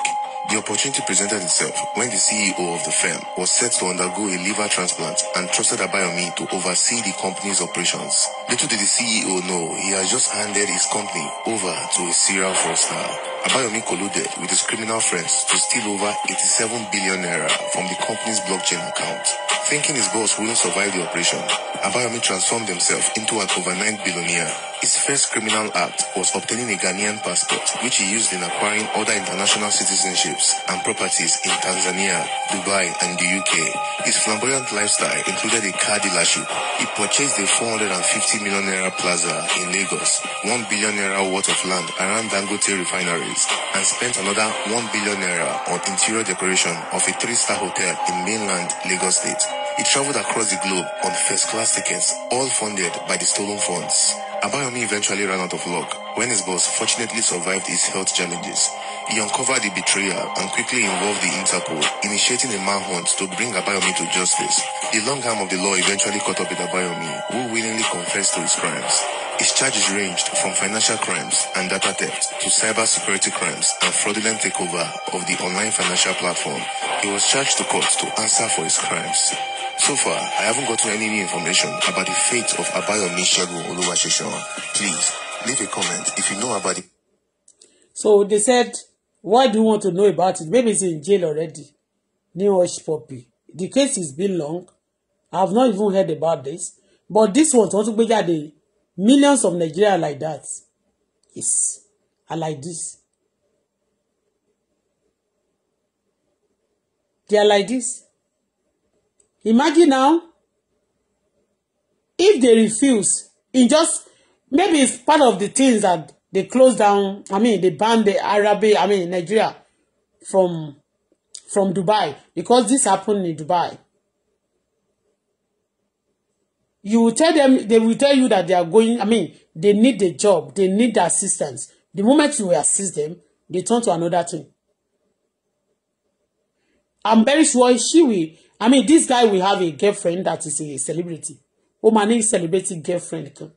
The opportunity presented itself when the CEO of the firm was set to undergo a liver transplant and trusted Abayomi to oversee the company's operations. Little did the CEO know he had just handed his company over to a serial fraudster. Abayomi colluded with his criminal friends to steal over 87 billion naira from the company's blockchain account. Thinking his boss wouldn't survive the operation, Abayomi transformed himself into an overnight billionaire. His first criminal act was obtaining a Ghanaian passport, which he used in acquiring other international citizenships and properties in Tanzania, Dubai, and the UK. His flamboyant lifestyle included a car dealership. He purchased a 450 million naira plaza in Lagos, 1 billion naira worth of land around Dangote refinery, and spent another 1 billion naira on interior decoration of a three-star hotel in mainland Lagos State. He traveled across the globe on first-class tickets, all funded by the stolen funds. Abayomi eventually ran out of luck when his boss fortunately survived his health challenges. He uncovered the betrayal and quickly involved the Interpol, initiating a manhunt to bring Abayomi to justice. The long arm of the law eventually caught up with Abayomi, who willingly confessed to his crimes. His charges ranged from financial crimes and data theft to cyber security crimes and fraudulent takeover of the online financial platform. He was charged to court to answer for his crimes. So far, I haven't gotten any new information about the fate of Abayomi Shegun Oluwaseshawan. Please leave a comment if you know about it. So they said, why do you want to know about it? Maybe he's in jail already. Newish Poppy. The case has been long. I've not even heard about this. But this one, also, tún gbé Millions of Nigeria like that. Yes. Are like this. They are like this. Imagine now, if they refuse, in just, maybe it's part of the things that they close down, I mean, they ban the Arabi, I mean, Nigeria from, from Dubai, because this happened in Dubai you tell them they will tell you that they are going i mean they need the job they need the assistance the moment you assist them they turn to another thing i'm very sure she will i mean this guy will have a girlfriend that is a celebrity ó máa ní celebrity girlfriend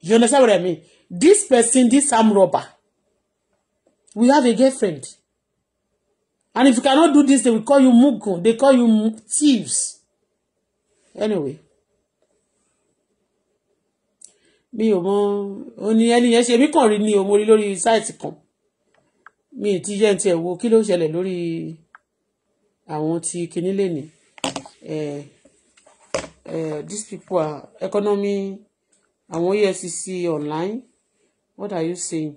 you understand what i mean this person this arm robber we have a girlfriend and if you cannot do this they will call you mugun they call you thieves anyway mi ò mọ ó ní ẹni yẹn ṣe mí kàn rí ni o mo rí lórí sáìtì kan mi ti yẹ ti ẹ wo kí ló ṣẹlẹ̀ lórí àwọn ti kinní lẹni ẹ ẹ these people are economy àwọn EFCC online what are you saying.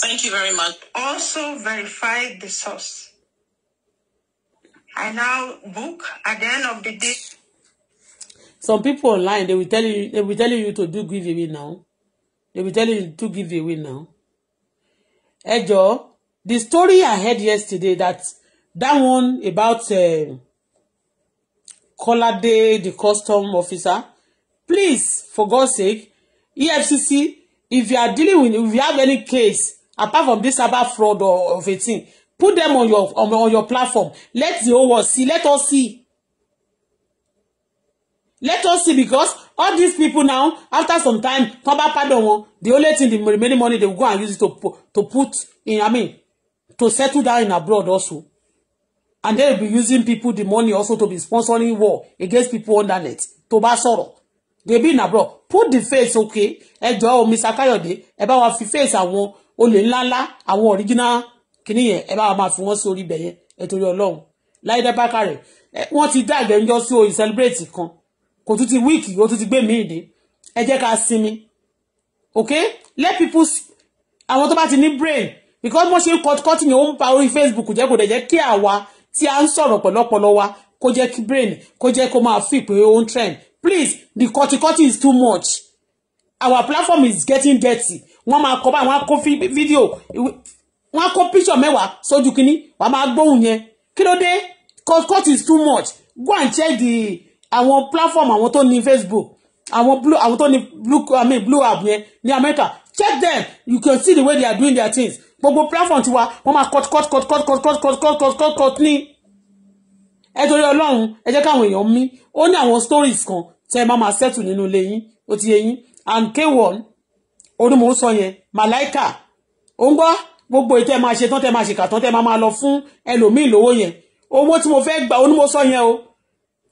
Thank you very much. Also verify the source. I now book at the end of the day. Some people online they will tell you they will telling you to do giveaway now. They will telling you to give away now. Ẹ jọ̀ọ́, the story I heard yesterday that that one about uh, eh, Day, the custom officer, please, for God's sake, EFCC, if you are dealing with, if you have any case, apart from this about fraud or of a thing, Put them on your on, on your platform. Let the whole world see. Let us see. Let us see because all these people now, after some time, come back pardon one. The only thing, the remaining money, they will go and use it to to put in. I mean, to settle down in abroad also. And they'll be using people the money also to be sponsoring war against people on the net. to bá sọ̀rọ̀. They be in abroad. Put the face, okay? Ẹ jọ̀ọ́, Mr. Kayode, ẹ bá wa fi face àwọn olè ńláńlá, àwọn original kíní yẹn ẹ bá máa fi wọ́n sí orí ibẹ̀ yẹn ẹ torí ọlọ́run láìdá bákàrẹ̀ wọ́n ti dá àgbẹ̀njọ́ sí oyin celebrate kan kò tún ti wíìkì ó tún ti gbé míì dé ẹ jẹ́ ká sinmi okay let people àwọn tó bá ti ní brain because mo ṣe ń cut cutting yẹn ó ń pa orí Facebook jẹ́ kò dẹ̀ jẹ́ kí àwa tí a ń sọ̀rọ̀ pẹ̀lọ́pọ̀lọ́ wa kó jẹ́ kí brain kó jẹ́ kó máa fi pé ó ń trend please the cutting cutting is too much our platform is getting dirty wọ́n máa kọ́ báyìí wọ́n á kó fídíò wọ́n á kó píṣọ̀ mẹ́wàá sójú kínní wàá máa gbóhùn yẹn kí ló dé cut is too much go and check the àwọn platform àwọn tó ní Facebook àwọn blue àwọn tó ní blue I mean blue app yẹn ní America check them you can see the way they are doing their things gbogbo platform tiwa wọ́n máa cut cut cut cut cut cut cut cut cut cut cut ní ẹ torí Ọlọ́run ẹ jẹ́ káwọn èèyàn mí ó ní àwọn stories kan tẹ ẹ má máa settle nínú ilé yín ó ti yé yín and K1 onímọ̀ ń sọ yẹn Malaika ó ń gbọ́ gbogbo ìtẹ́ máa ṣe tán tẹ́ máa ṣèkà tán tẹ́ máa máa lọ fún ẹlòmíì lówó yẹn owó tí mo fẹ́ gbà ó ní mo sọ yẹn o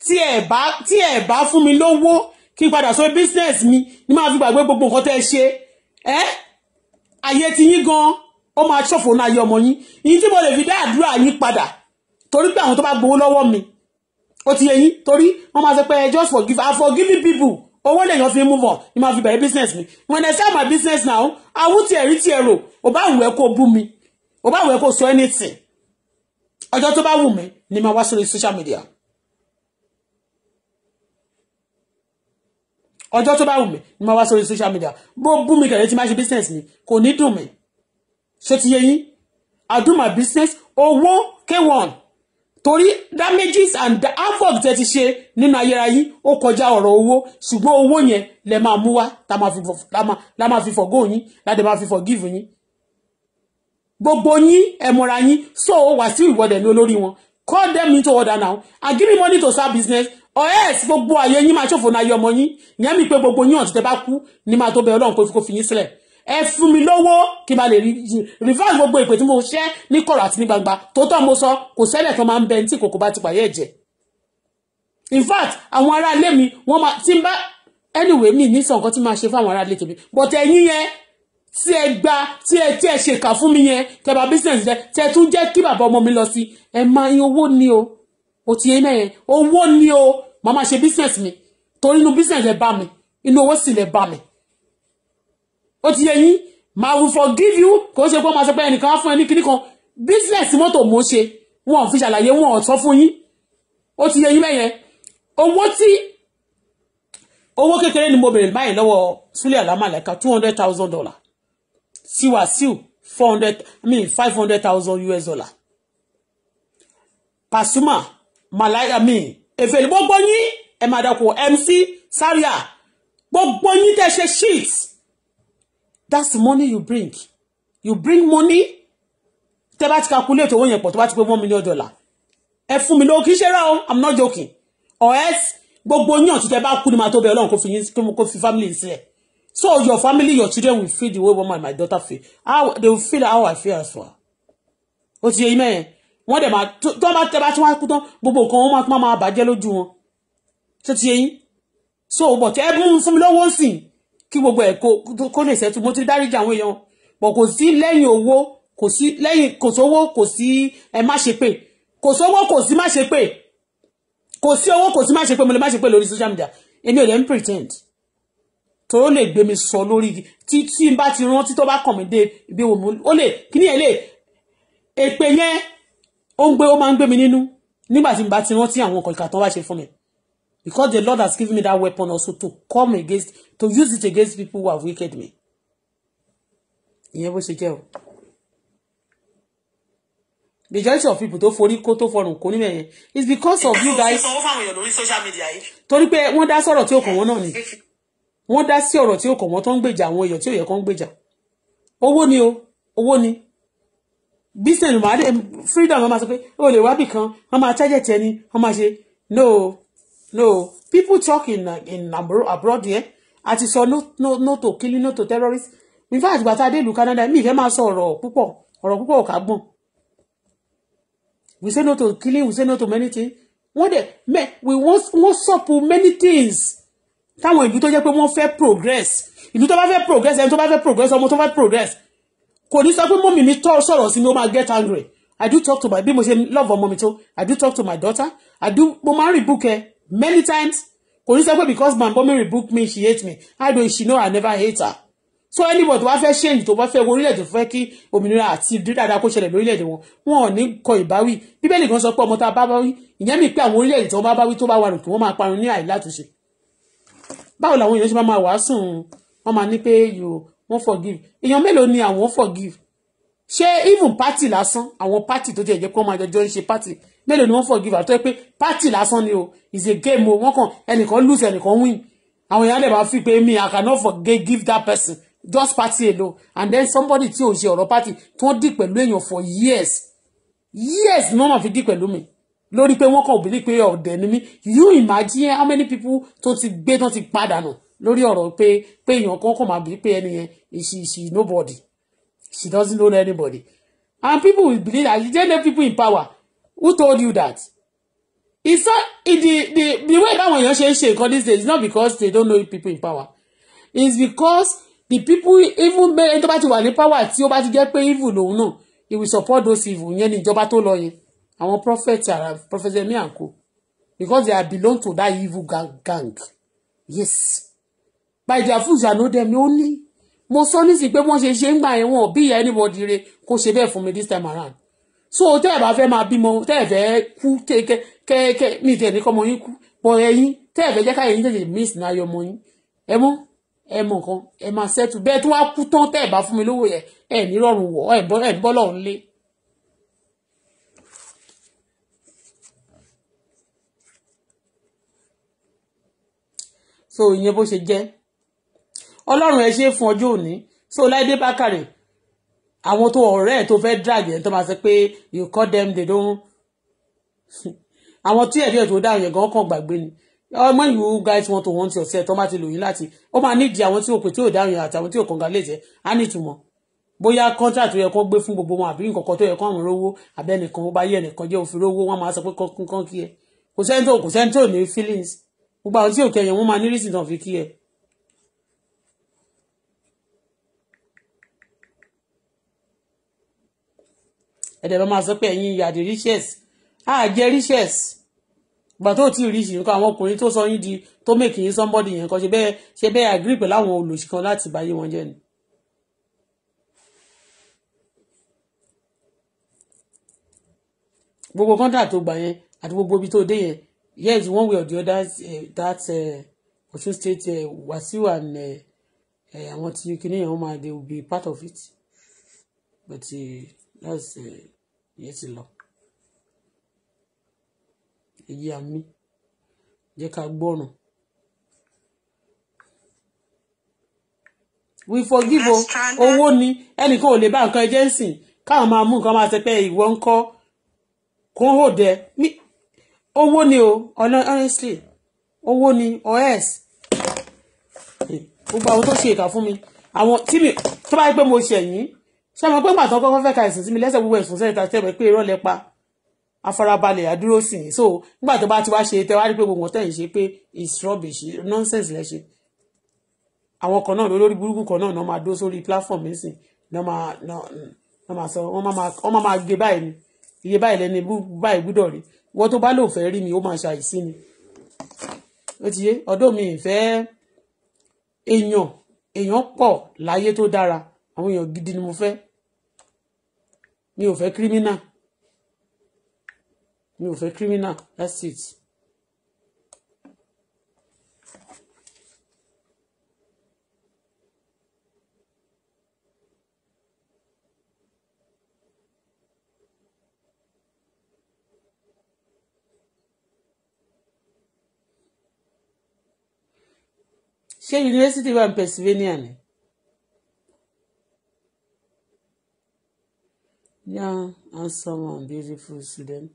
tí ẹ bá tí ẹ bá fún mi lówó kí n padà sọ business mi ni máa fi gbàgbé gbogbo nǹkan tẹ́ ṣe ẹ́ ayé ti yín gan ó máa ṣòfò náà ayé ọmọ yín yín tí mo lè fi dá àdúrà yín padà torí pé àwọn tó bá gbowó lọ́wọ́ mi ó ti yẹ yín torí wọ́n máa sọ pé just forgive I forgive people owó lèèyàn fi move on ni máa fi bẹ̀rẹ̀ business mi when I start my business now àwọn tiẹ̀ rí tiẹ̀ rò ò bá wù ẹ́ kó bú mi ò bá wù ẹ́ kó sọ anything ọjọ́ tó bá wù mí ni máa wá sórí social media ọjọ́ tó bá wù mí ni máa wá sórí social media bó bú mi kẹ̀lé tí máa ṣe business mi kò ní dùn mí ṣé ti yẹ yín I do my business owó k one torí damages and havoc tẹ ti ṣe nínú ayérayé ó kọjá ọ̀rọ̀ owó ṣùgbọ́n owó yẹn lẹ máa mú wá la máa fi forgo yín láti máa fi forgive yín gbogbo yín ẹ̀mọ́ra yín so Wasiu ìwọ́dẹ̀ ní olórí wọn call them into order now and give me money to start business or else gbogbo ayé yín máa ṣòfò náà ayé ọmọ yín ìyẹn mi pé gbogbo yín ọ̀tí tẹ bá kú ní máa tó bẹ ọlọ́run kó fi yín sílẹ̀ ẹ fún mi lówó kí n bá lè reverse gbogbo ìpè tí mo ṣẹ́ ní kọ̀rọ̀ àti ní gbangba tó tọ́ mo sọ kò sẹ́lẹ̀ kan máa ń bẹ tí kòkó bá ti pàyẹ́ ẹ̀jẹ̀ in fact àwọn ará ilé mi wọ́n máa tí n bá anyway mi ní sọ̀kan tí máa ṣe fáwọn ará ilé tèmi but ẹ̀yin yẹn tí ẹ gba tí ẹ tí ẹ ṣèkà fún mi yẹn tẹ̀bà business rẹ tẹ̀ tún jẹ́ kí bàbá ọmọ mi lọ sí ẹ máa ń owó ni o o ti yẹn mẹ́yẹn owó ni o màá máa ṣe business mi torí inú business lẹ bá mi inú owó sì lẹ bá mi ó ti yẹ yín màá will forgive you kò ṣe pé ó máa sọ pé ẹnìkan á fún ẹ ní business mọ́tò mò ń ṣe wọn ò fi ṣàlàyé wọn ò sọ fún yín ó ti yẹ yín bẹ́yẹn owó tí owó kékeré ni mo bèrè báyìí lọ́wọ́ Sule Alamaleka two hundred thousand dollar sí Wàsíù four hundred i mean five hundred thousand US dollar Pasuma Malaika mi efeli gbogbo yín ẹ máa dàpọ̀ MC Saria. gbogbo yín tẹ́ ṣe shit that's the money you bring you bring money tẹ́ bá ti calculate owó yẹn pọ̀ tó bá ti pé one million dollar ẹ fún mi lówó kì í ṣe rà o i'm not joking or else gbogbo yàn tí tẹ́ bá kú ni màá tó bẹ Ọlọ́run kò fi yín kò fi family yín sílẹ̀ so your family your children will feel the way one man my daughter feel how they will feel how i feel as well ó ti yẹ yín mẹ́yẹn wọ́n dẹ̀ máa tó bá tẹ́ bá tí wọ́n á kú tán gbogbo nǹkan wọn máa máa bàjẹ́ lójú wọn ṣé ti yẹ yín so but ẹ bú fún mi lówó sìn kí gbogbo ẹ̀ kó lè ṣẹ́tù mo ti dáríjì àwọn èèyàn pọ̀ kò sí lẹ́yìn owó kò sí lẹ́yìn kò sówó kò sí ẹ má ṣe pé kò sówó kò sí má ṣe pé kò sí owó kò sí má ṣe pé mo lè má ṣe pé lórí social media èmi ò lè ń pretend tó o lè gbé mi sọ lórí tí tí n bá ti rántí tó bá kàn mí dé ibi wo mo ó lè kí ni ẹ lè èpè yẹn ó ń gbé ó máa ń gbé mi nínú nígbà tí n bá ti rántí àwọn ọkọ̀ ìkà wá ṣe fún mi Because the Lord has given me that weapon also to come against, to use it against people who have wicked me. Ìyẹn bó ṣe jẹ́ o. Majority of people tó forí kó tó fọrùn kó níbẹ̀ yẹn is because of you guys. Torí pé wọ́n dá sọ̀rọ̀ tí ó kàn wọ́n náà ni. Wọ́n dá sí ọ̀rọ̀ tí ó kàn wọ́n tó ń gbèjà àwọn èèyàn tí ò yẹ kó ń gbèjà. Owó ni o, owó ni business ma de freedom ma sọ pé o lè wá bì kan wọn máa target ẹni wọn máa ṣe no No, people talk in in abroad here. Àti sọ no no no to killing no to terrorists. In fact, ìgbà tá a dé ìlú Canada, mi ìfẹ́ máa sọ ọ̀rọ̀ púpọ̀ ọ̀rọ̀ púpọ̀ ò ká We say no to killing, we say no to many things. Wọ́n dẹ̀ mẹ́ we wọ́n wọ́n sọ̀pù many things. Táwọn ìlú tó jẹ́ pé wọ́n fẹ́ progress. Ìlú tó bá fẹ́ progress, ẹni tó bá fẹ́ progress, ọmọ tó fẹ́ progress. Kò ní sọ pé mọ́mì mi tọ́ sọ̀rọ̀ sí mi, ó máa get angry. I do talk to my bí mo ṣe love ọmọ mi tó, I do talk to my daughter, I do mo máa ń rìn búkẹ́ many times kò ní sọ pé because Montgomery book me she hate me how do she know I never hate her so anybody tó bá fẹ́ change tó bá fẹ́ wo orílẹ̀-èdè fẹ́ kí òmìnira àti dídáadáa kó ṣẹlẹ̀ lórílẹ̀-èdè wọn wọn ò ní kọ ìbáwí bíbélì kan sọ pé ọmọ tá a bá bá wí ìyẹn mi pé àwọn orílẹ̀-èdè tó bá bá wí tó bá wà nù kí wọ́n máa parun ní àìlátúnṣe báwo làwọn èèyàn ṣe máa máa wàásùn wọn máa ní pé yòó wọ́n forgive èèyàn mélòó ni àwọn forgive ṣé even party lásán àwọn party tó ti ẹ̀jẹ̀ kó máa jọjọ́ ń ṣe party mélòó ni wọ́n forgive àtọ́ pé party lásán ni o is a game o wọ́n kàn ẹnìkan lose ẹnìkan win àwọn èèyàn lè máa fi pé me i cannot forgive that person just party alone and then somebody tí ò ń ṣe ọ̀rọ̀ party tí wọ́n dì pẹ̀lú èèyàn for years years ni wọ́n máa fi dì pẹ̀lú mi lórí pé wọ́n kàn òbí ní pé ọ̀dẹ̀ ni mí you imagine how many people tó ti gbé tó ti padà nù lórí ọ̀rọ̀ pé pé èèyàn kan kàn máa bí pé ẹni yẹn she she nobody she doesn't know anybody and people will believe that they know people in power who told you that it's not it, the the the way that one ṣe ń ṣe nǹkan these days is not because they don't know people in power it's because the people even men ẹni tó bá ti wà ní power tí ó bá ti jẹ́ pé evil lòun náà he will support those evil yẹn ní ìjọba tó lọ yẹn àwọn prophet ara prophet Yemi and co because they are belong to that evil gang gang yes by their food I know them only mo sọ nísìnyí pé wọ́n ṣe ṣe ń gbà yẹn wọn bí ìyá anybody re kó ṣe bẹ́ẹ̀ fún mi this time around so tẹ́ ẹ̀ bá fẹ́ máa bímọ tẹ́ ẹ̀ fẹ́ kú kéèké kéèké mi tẹ̀ ní kọ́mọ yín kú pọ̀ ẹ̀yìn tẹ́ ẹ̀ fẹ́ jẹ́ káyọ̀ yín tètè miss náà yọ ọmọ yín ẹ mọ́ ẹ mọ̀ nǹkan ẹ máa ṣẹ́tù bẹ́ẹ̀ tí wọ́n á kú tán tẹ́ ẹ̀ bá fún mi lówó yẹ ẹ ní rọrùn wọ̀ ẹ ń bọ́ lọ́run lé. so ìyẹn bó ṣe jẹ́ ọlọ́run ẹ ṣe fún ọjọ́ òní so Láìdé Bákàrè àwọn tó ọ̀rẹ́ ẹ̀ tó fẹ́ drag yẹn tó máa sọ pé you call them they don't àwọn tí ẹ̀rí ẹ̀ tó dáhùn yẹn gan kàn gbàgbé ni ọmọ ìlú guys wọn tó wọn ti ọ̀sẹ̀ tó máa ti lò yín láti ó máa nídìí àwọn tí òpè tí ò dáhùn yẹn àti àwọn tí ò congratulate á nítumọ̀ bóyá contract tó yẹ kó gbé fún gbogbo wọn àbí nǹkan kan tó yẹ kó àwọn rówó àbẹ́nìkan ó bá yẹ ẹnìkan jẹ́ òfin rówó wọn máa sọ pé kankan kí ẹ kò sẹ́ni tó kò sẹ́ni tó ní feelings gbogbo àwọn tí òkè yẹn wọ́n máa ní reason tán fi kí ẹ ẹ̀dẹ̀ máa máa sọ pé ẹ̀yin you are the richest a jẹ́ richest gbà tó ti rí nǹkan àwọn ọkùnrin tó sọ yín di tó mèkì yín somebody yẹn kan ṣe bẹ́ẹ̀ ṣe bẹ́ẹ̀ agree pẹ̀lú àwọn olùsìkan láti báyé wọn jẹ́ ni. gbogbo contract tó gbà yẹn àti gbogbo ibi tó dé yẹn yes one way or the other uh, that uh, Osun State uh, Wasiu and uh, àwọn tí kìnìyàn wọn máa they will be part of it but. Uh, láìsí yìí ti lọ èyí àmì jẹ́ ká gbọ́ràn. we forgive o owó ni ẹnìkan ò lè bá nǹkan ẹjẹ́ ń sìn káwọn máa mú nǹkan máa ṣe pé ìwọ ń kọ́ kó hò dẹ owó ni o honestly owó ni os gbogbo àwọn tó ṣe ìkà fún mi àwọn tí mi tó bá yẹ pé mo ṣẹ̀yìn ṣé mo pé pàtó kọ́kọ́ fẹ́ ka ẹ̀sùn sí mi lẹ́sẹ̀ gbogbo ẹ̀sùn sẹ́yìn tàbí ẹ̀mẹ́ pé irọ́ lẹ pa afarabalẹ̀ àdúró sí i so nígbà tó bá ti wá ṣe tẹ wá rí pé gbogbo tẹ̀yìn ṣe pé it's rubbish nonsense lẹ ṣe àwọn kan náà lórí burúkú kan náà náà máa dó sórí platform mi sìn náà máa náà máa sọ wọ́n máa gbé báyìí ni iye báyìí lẹ́ni báyìí gbúdọ̀ rí wọ́n tó bá lò fẹ́ rí mi ó máa ṣàìsí ni ó ti yé ọ̀dọ̀ mi ìfẹ́ èèyàn èèyàn pọ̀ láyé tó dára àwọn èèyàn gidi ni mo fẹ́ mi o fe criminal mi o fe criminal that's it. Ce university va în Pennsylvania ne? young, and and beautiful student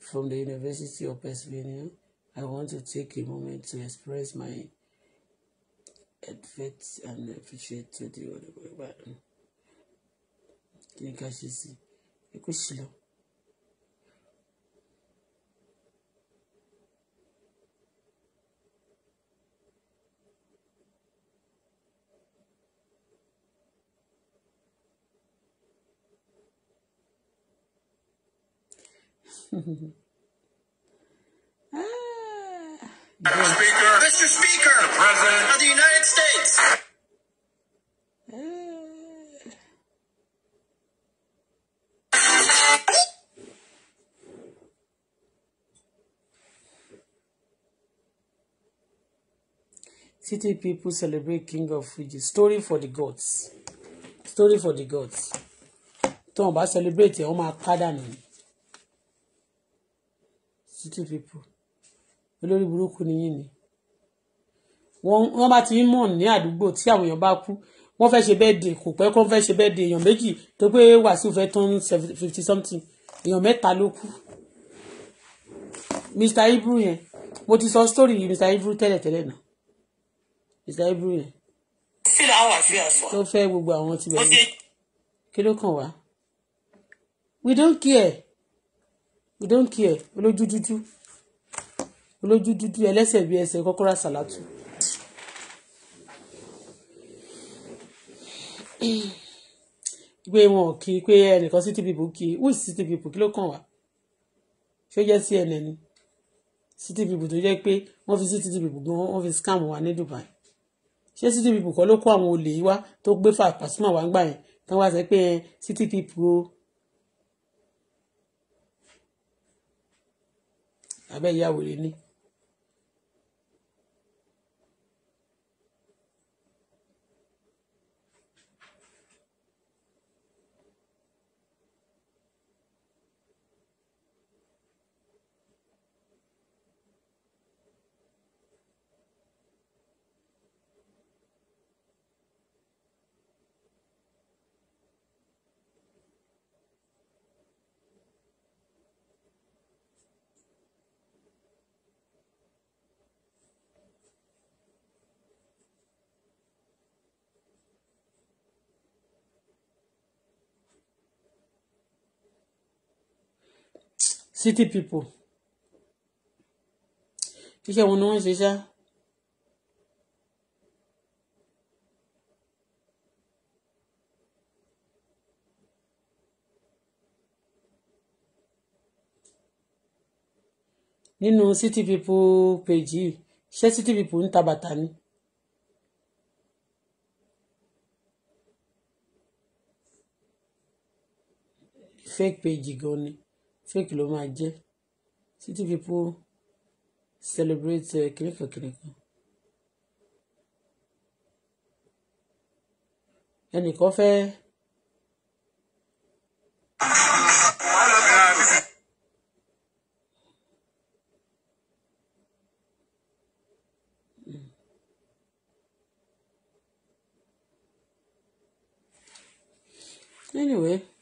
from the University of Pennsylvania, I want to take a moment to express my advert and appreciate to the Honorable Yinka Shezi. Ẹ Ah. Mr. Speaker, Mr. Speaker, the President of the United States. Ah. City people celebrate King of Fiji. Story for the gods. Story for the gods. Tó wọn bá celebrate ẹ̀ wọ́n máa ká dànù prostitute people olórí burúkú nìyí ni wọ́n bá ti ń mọ̀ ní àdúgbò tí àwọn èèyàn bá kú wọ́n fẹ́ ṣe bẹ́ẹ̀dì kò pẹ́ kó fẹ́ ṣe bẹ́ẹ̀dì èèyàn méjì tó pé wàsíù fẹ́ tán fifty something èèyàn mẹ́ta ló kú mr ibru yẹn mo ti sọ story mr ibru tẹ́lẹ̀ tẹ́lẹ̀ náà mr ibru yẹn tó fẹ́ gbogbo àwọn tibẹ̀ yẹn kí ló kàn wá we don't care we don't care olójú dúdú olójú dúdú ẹlẹ́sẹ̀ bíi ẹsẹ̀ kọ́kọ́rọ́ àsàlátù. pé wọn ò kí pé ẹnìkan city people kí which city people kí ló kàn wá ṣé ó jẹ́ CNN ni city people tó jẹ́ pé wọ́n fi city people gan wọ́n fi scam wa ní Dubai ṣé city people kọ́ ló kó àwọn olè yìí wá tó gbé fà Pasuma wá ń gbà yẹn tán wá sọ pé city people o abẹ́ ìyá wèrè ni city people kíṣẹ́ wọn ni wọ́n ń ṣe ṣá. nínú city people page yìí ṣé city people ń ta bàtà ni. fake page gan ni fake ló máa jẹ́ city people celebrate eh, kìnìkan kìnìkan. ẹnìkan fẹ́. Anyway.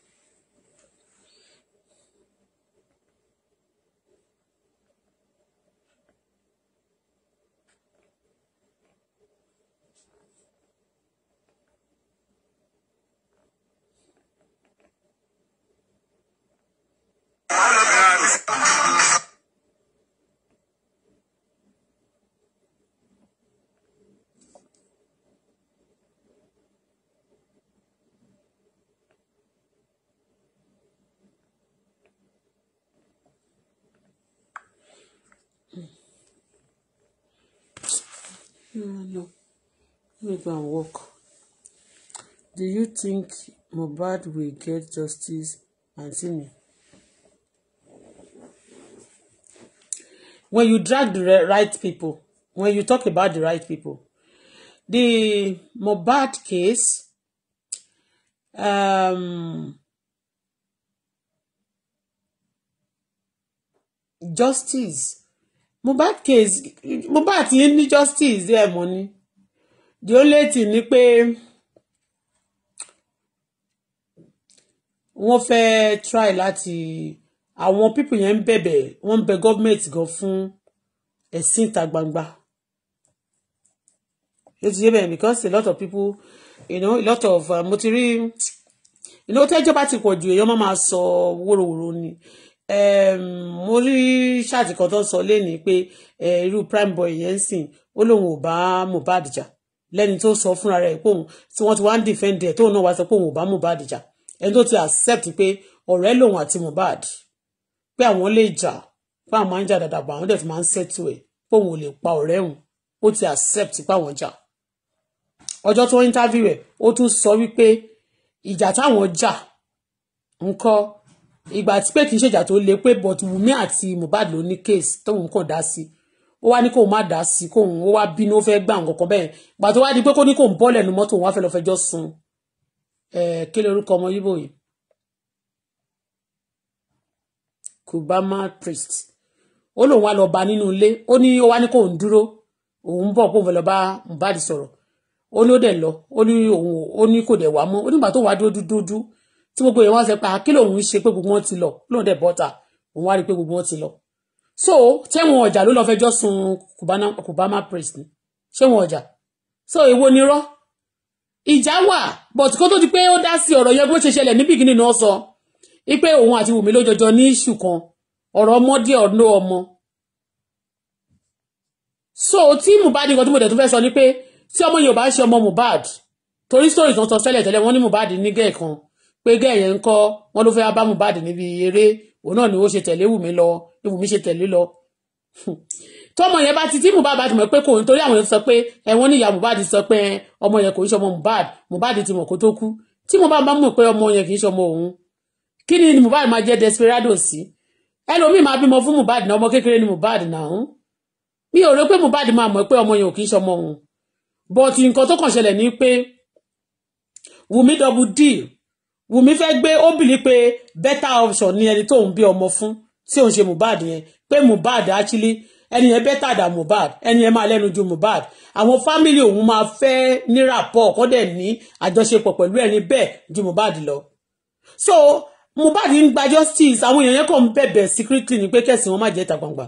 Let me go and work. Do you think Mohbad will get justice, Anthony? When you drag the right people, when you talk about the right people, the Mohbad case, um, justice Mohbad case Mohbad ti ní justice there money the only thing ni pé wọ́n fẹ́ try láti àwọn people yẹn ń bẹ̀bẹ̀ wọ́n ń bẹ gọ́ọ̀mẹ̀ntì gan fún ẹ̀sìn ìta gbangba ló ti yé bẹ́ẹ̀ because a lot of people you know a lot of mo ti rí you know tẹ́jọba ti pọ̀ ju èèyàn máa máa sọ wóróworó ni ehm, mo rí ṣáàtì kan tó ń sọ lénìí pé eh, irú prime boy yẹn ń sìn ó lóun ò bá Mohbad jà lẹ́ni tó sọ fúnra rẹ̀ pé òun tí wọ́n ti wá ń defend ẹ̀ tóun náà wá sọ pé òun ò bá Mohbad jà ẹni tó ti accept pé ọ̀rẹ́ lòun àti Mohbad pé àwọn lè jà pé àwọn máa ń jà dáadáa bọ̀ àwọn dẹ̀ ti máa ń settle ẹ̀ pé òun ò lè pa ọ̀rẹ́ òun ó ti accept pé àwọn jà ọjọ́ tó ń interview rẹ̀ ó tún sọ wípé ìjà táwọn jà ńkọ́ ìgbà tí pé kì í ṣèjà tó le pé but Wunmi àti Mohbad ló ní case tóun kàn dá sí i ó wá ní kóun má dá sí kóun ó wá bínú ó fẹ́ gbà nǹkan kan bẹ́ẹ̀ gbà tó wá di pé kó ní kóun bọ́ọ̀lẹ̀ nu mọ́tò òun wá fẹjọ́ sùn kí ló orúkọ ọmọ yíbò yìí kubama priest ó lóun wá lọ bá nínú ilé ó ní ó wá ní kóun dúró òun bọ̀ kóun fẹ́ lọ bá Mohbad sọ̀rọ̀ ó ní ó dẹ̀ lọ ó ní òun ó ní kò dẹ̀ wá mọ́ ó nígbà tó wá dúdú dúdú tí gbogbo èèyàn wá sẹ pé àkí lòun ṣe pé gbogbo wọn ti lọ lóun dẹ̀ bọ́ta òun wá rí pé gbogbo wọn ti lọ so tẹ́wọ̀n ọjà ló lọ́ọ́ fẹjọ́ sun Cubana Cubana priest ni ṣẹ́wọ̀n ọjà so èwo ni rọ́ ìjà wà but kó tó di pé ó dá sí ọ̀rọ̀ yẹn bó ṣe ṣẹlẹ̀ ní bìgínì náà sọ wípé òun àti Wùmí ló jọjọ ní ìṣù kan ọ̀rọ̀ ọmọdé ọ̀nà ọmọ so tí Mohbad nǹkan tí mo dẹ̀ tún fẹ́ sọ ni pé tí ọmọ yẹn ò bá ṣe ọmọ Mohbad torí story tán sọ sẹ́lẹ̀ tẹ́lẹ̀ wọ́n ní Mohbad ní gẹ̀ẹ́ kan pé gẹ̀ẹ́ yẹn ń kọ́ wọ́n ló fẹ́ bá Mohbad níbi eré òun náà ni ó ṣe tẹ̀lé wùmí lọ ni wùmí ṣe tẹ̀lé lọ hmm. tọmọ yẹn bá ti tí Mohbad bá ti mọ̀ pé kò ń torí àwọn yẹn sọ pé ẹ̀wọ̀n níyà Mohbad sọ pé ọmọ yẹn kò ń ṣe Mohbad Mohbad ti mọ̀ kó tó kú tí Mohbad bá mọ̀ pé ọmọ yẹn kì í ṣe òun kí ni Mohbad máa jẹ́ desperado sí ẹlòmíì máa bímọ fún Mohbad náà ọmọ kékeré ni Mohbad náà mi ò rò pé Mohbad máa mọ̀ pé ọmọ yẹn kì í ṣe òun but nǹkan tó kàn ṣẹlẹ̀ ni pé Wùmí double deal Wùmí fẹ́ gbé ó bìlí pé better option ni ẹni tó ń bí ọmọ fún tí òun ṣe Mohbad yẹn pé Mohbad actually ẹni yẹn better than Mohbad ẹni yẹn máa lẹ́nu ju Mohbad àwọn fámìlì òun máa fẹ́ ní rapport kó dẹ̀ ní àjọṣepọ̀ pẹ̀lú ẹni bẹ́ẹ̀ ju Mohbad lọ. so Mohbad ń gba justice àwọn èèyàn yẹn kàn ń bẹ̀bẹ̀ secretly ni pé kẹ̀sìn wọn má jẹ́ ìta gbangba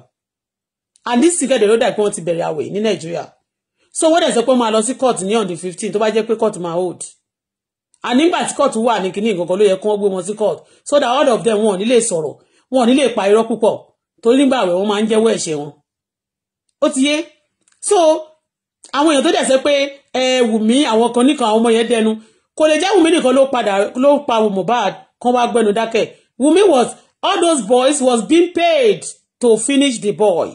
and this secret ló dà pé wọ́n ti bẹ̀rẹ̀ àwẹ̀ ní Nàìjíríà so wọ́n dẹ̀ sọ pé wọ́n máa lọ sí court ní on the fifteen tó bá jẹ́ pé court máa hold and nígbà tí court wà ní kinní nǹkan kan ló yẹ kí wọ́n gbé wọn sí court so that all of them wọn ò ní lè sọ̀rọ̀ wọn ò ní lè pa irọ́ púpọ̀ torí nígbà àwẹ̀ wọn máa ń jẹ́wọ́ ẹ̀ṣẹ̀ wọn ó ti yé so àwọn èèyàn tó dẹ̀ sẹ́ pé ẹ Wùmí àwọn kan nìkan àwọn ọmọ yẹn dẹnu kò lè jẹ́ Wùmí nìkan ló padà ló pa Mohbad kan wá gbẹnu dákẹ́ Wùmí was all those boys was being paid to finish the boy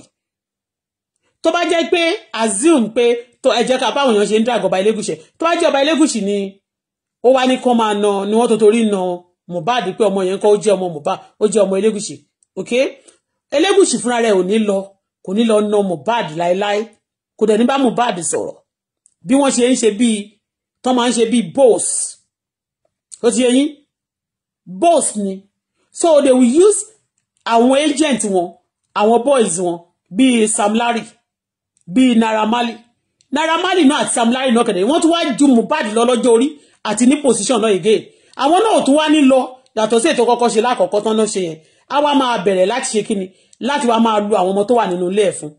tó bá jẹ́ pé assume pé tó ẹ jẹ́ ká báwọn èèyàn ṣe ń dàgọ̀ ọba Elégùṣì tó bá jẹ́ ọba Elégùṣì ni ó wá ní kán máa na ni wọ́n tó torí na Mohbad pé ọmọ yẹn kọ́ ó jẹ́ ọmọ Mohbad ó jẹ́ ọmọ Elégùṣì ok Elégùṣì fúnra rẹ̀ ò ní lọ kò ní lọ na Mohbad láéláé kò dẹ̀ ní bá Mohbad sọ̀rọ̀ bí wọ́n ṣe ń ṣe bíi tán máa ń ṣe bíi boss ó ti yẹ yín boss ni so they will use àwọn agent wọn àwọn boys wọn bíi Sam Larry bíi Naira Marley Naira Marley náà àti Sam Larry náà kẹ̀dẹ̀ wọ́n tún wá ju Mohbad lọ lọ́jọ́ orí àti ní position náà again àwọn náà tún wá ní lọ yàtọ̀ sí ètò kọ́kọ́ ṣe lákọ̀ọ́kọ́ tán náà ṣe yẹn á wá máa bẹ̀rẹ̀ láti ṣe kíni láti wá máa lu àwọn ọmọ tó wà nínú ilé ẹ̀ fún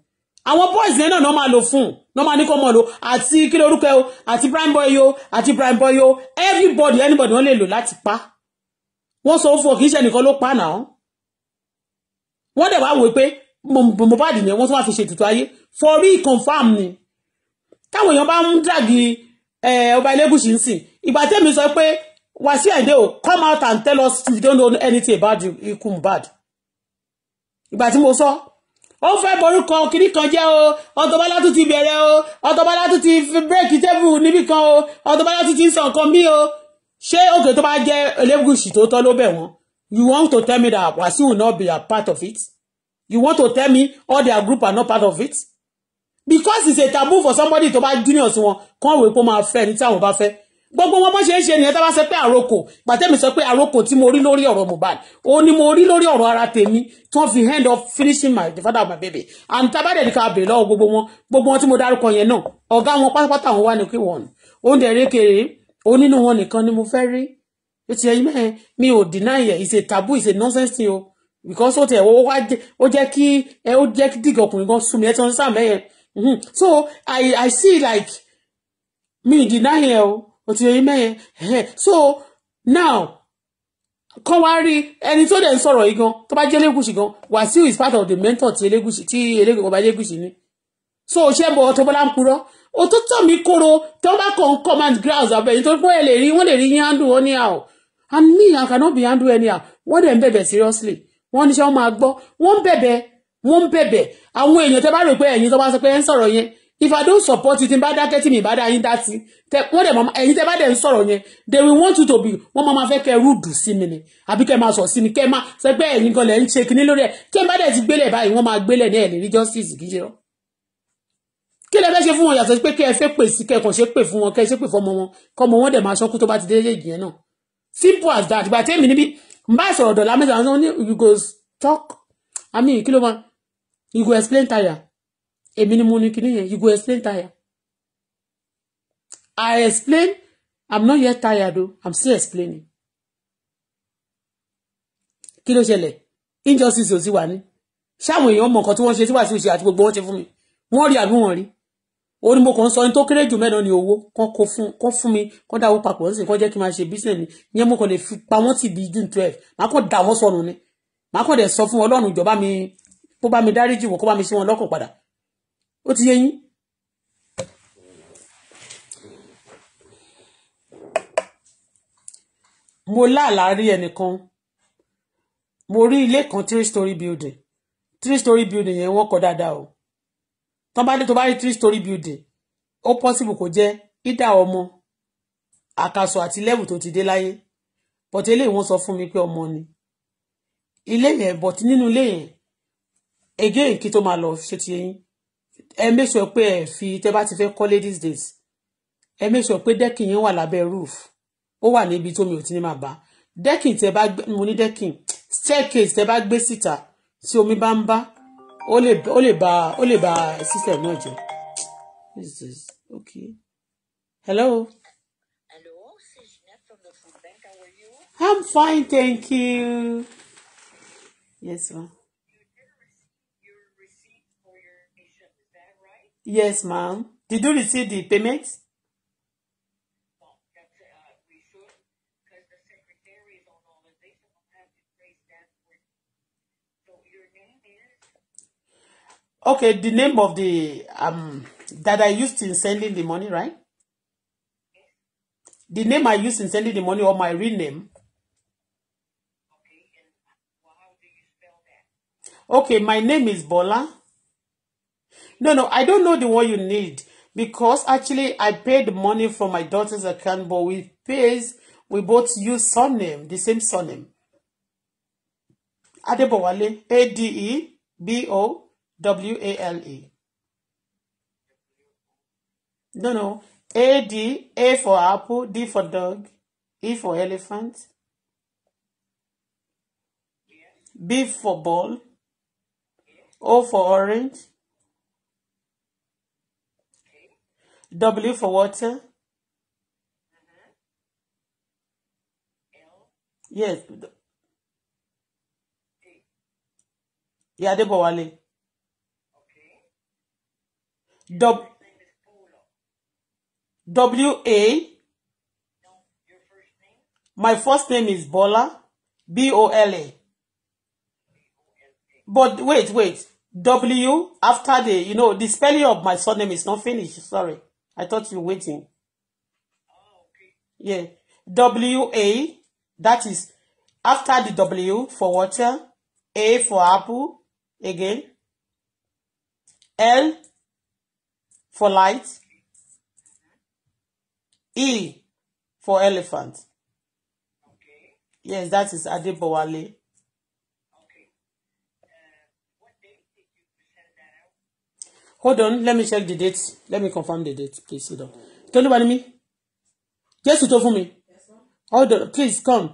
àwọn boys yẹn náà máa lò fún náà máa ní kọ́ mọ̀ lò àti kí lorúkọ ẹ o àti prime boy o àti prime boy o everybody anybody wọ́n lè lò láti pa wọ́n sọ fún ọ kì í ṣe nìkan ló pa náà wọ́n dẹ̀ wá wò pé Mohbad yẹn wọ́n tún wá fi ṣètùtù ayé forí confam ni táwọn èèyàn bá ń dàgì Eh, ọba elégùsì ń sìn ìgbà tẹ́mi sọ pé Wasiu Ayinde o come out and tell us if you don't know anything about you ikú Mohbad ìgbà tí mo sọ ó fẹ́ borúkọ kiri kan jẹ́ o ọ̀tọ̀bálá tún ti bẹ̀rẹ̀ o ọ̀tọ̀bálá tún ti bírèkì tẹ́bù níbì kan o ọ̀tọ̀bálá tún ti ń sọ nǹkan mí o ṣé òkè tó bá jẹ́ elégùsì tó tọ́ ló bẹ̀ wọ́n you want to tell me that Wasiu will not be a part of it you want to tell me all their group are not part of it because it's a taboo for somebody to buy junior sí wọn kán wèé pé ó máa fẹ́ ẹni tí àwọn bá fẹ́ gbogbo wọn bó ṣe ń ṣe nìyẹn tá bá sọ pé àrokò gbàtẹ́mi sọ pé àrokò tí mo rí lórí ọ̀rọ̀ Mohbad ó ní mo rí lórí ọ̀rọ̀ ara tèmi tí wọ́n fi hand off finishing my the father of my baby and tabadẹ̀ ní ká bèrè lọ́wọ́ gbogbo wọn gbogbo wọn tí mo dárúkọ yẹn náà ọ̀gá wọn pátápátá wọn wá ní kí wọn oúnjẹ rékèrè ó nínú wọn nìkan ni mo fẹ́ rí ó ti ẹyin mẹ́rin mi ò deny yẹ it's a taboo it's a nonsense thing o because ó ti ẹ̀ ó jẹ́ kí ó jẹ́ kí dìgọ̀kùnrin gan sùn mi ẹ̀ tí wọ́n sàmẹ́yẹn Mm-hmm. So I I see like me deny ẹ o o ti yẹn mẹyẹ so now kọ́ wá rí ẹni tó dẹ̀ ń sọ̀rọ̀ yìí gan tó bá jẹ́ Elégùṣì gan Wàsíù is part of the mentor ti Elégùṣì tí Elégùṣì ọba Elégùṣì ni so ṣé bọ̀ Auto Bola ń purọ́ òtútù mi kóró tí wọ́n bá kàn command grounds abẹ́yìn tó pé lè rí wọ́n lè rí yín handle wọn ní àwọ̀ and me I cannot be handle anyhow wọ́n dẹ̀ ń bẹ̀bẹ̀ seriously wọ́n níṣẹ́ wọ́n máa gbọ́ wọ́n bẹ̀bẹ̀ wọ́n ń bẹ̀bẹ̀ àwọn èèyàn tẹ́ bá rò pé ẹ̀yin tó bá sọ pé ẹ ń sọ̀rọ̀ yẹn if i don't support you tí n bá dákẹ́ tí mi bá dá yín dá sí wọ́n dẹ̀ mọ́ ẹ̀yin tẹ́ bá dẹ̀ ń sọ̀rọ̀ yẹn they will want you to be wọ́n máa ma fẹ́ kẹ́ rúdù sí mi ni àbí kẹ́ máa sọ̀ sí mi kẹ́ máa sọ pé ẹ̀yin kan lẹ̀ ń ṣe kinní lórí ẹ̀ tí n bá dẹ̀ ti gbélé báyìí wọ́n máa gbélé ní ẹ̀lẹ́rí justice kì í ṣe ọ́. kí lẹ fẹ́ ṣe fún wọn yàtọ̀ pé kẹ́ ẹ fẹ́ pè sí kẹ́ẹ̀kan ṣe pè fún wọn kẹ́ ẹ ṣe pè fọmọ wọn kọ́mọ wọn dẹ̀ simple as that ìgbà tẹ́mi níbi n bá sọ̀rọ̀ dọ̀lá mẹ́ta wọn ní talk i mean kí ló you go explain tire èmi ni mo ní kinní yẹn you go explain tire I explain I'm not yet tired o I'm still explaining kí ló ṣẹlẹ̀ injustice ò sí wà ní ṣáwọn èèyàn mọ nǹkan tí wọ́n ṣe síwájú ìṣe àti gbogbo wọn ṣe fún mi wọ́n rí àbí wọ́n rí ó ní mo kàn ń sọ ní tó kéré jù mẹ́rin ní owó kan kó fún kan fún mi kan dáwó papọ̀ ó kan jẹ́ kí n máa ṣe business ni ìyẹn mo kàn lè fi pa wọ́n tì bí june twelve màá kàn dà wọ́n sọnù ni màá kàn dẹ̀ sọ fún ọlọ́run ìjọba mi kó bá mi dáríjì wọn kó bá mi sí wọn lọ́kàn padà ó ti yé yín. mo láàlá rí ẹnìkan mo rí ilé kan three story building three story building yẹn wọ́n kọ́ dáadáa o tán bá dé tó bá rí three story building ó possible kó jẹ́ ìdá ọmọ àkàsọ àti level tó ti dé láyé but eléyìí wọ́n sọ fún mi pé ọmọ ni ilé yẹn but nínú ilé yẹn again kí tó máa lọ ṣe ti yín ẹ make pé ẹ fi tẹ́ bá ti fẹ́ kọ́lé these days ẹ make sure pé dẹ́kìn yẹn wà lábẹ́ roof ó wà níbi tómi ò ti ní máa bá dẹ́kìn tẹ́ bá gbé mo ní dẹ́kìn staircase tẹ́ bá gbé síta tí omi bá ń bá ó lè ba ó lè ba system náà jẹ́ this is okay hello. I'm fine, thank you. Yes, ma'am. Yes, ma'am. Did you receive the payment? Okay, the name of the um that I used in sending the money, right? The name I used in sending the money or my real name. Okay, my name is Bola. No, no, I don't know the one you need because actually I paid money for my daughter's account, but we pays we both use surname, the same surname. Adebowale, A D E B O W A L E. No, no, A D A for apple, D for dog, E for elephant, B for ball, O for orange. W for water. Yes. D. Yeah, Adebowale. Okay. W. W A. My first name is Bola. B O L A. But wait, wait. W after the, you know, the spelling of my surname is not finished. Sorry. I thought you were waiting. Yeah, W A that is after the W for water, A for apple, again. L for light. E for elephant. Yes, that is Adebowale. hold on let me check the date let me confirm the date please hold on tolúwa ni Yes, jésù tó fún mi hold on please come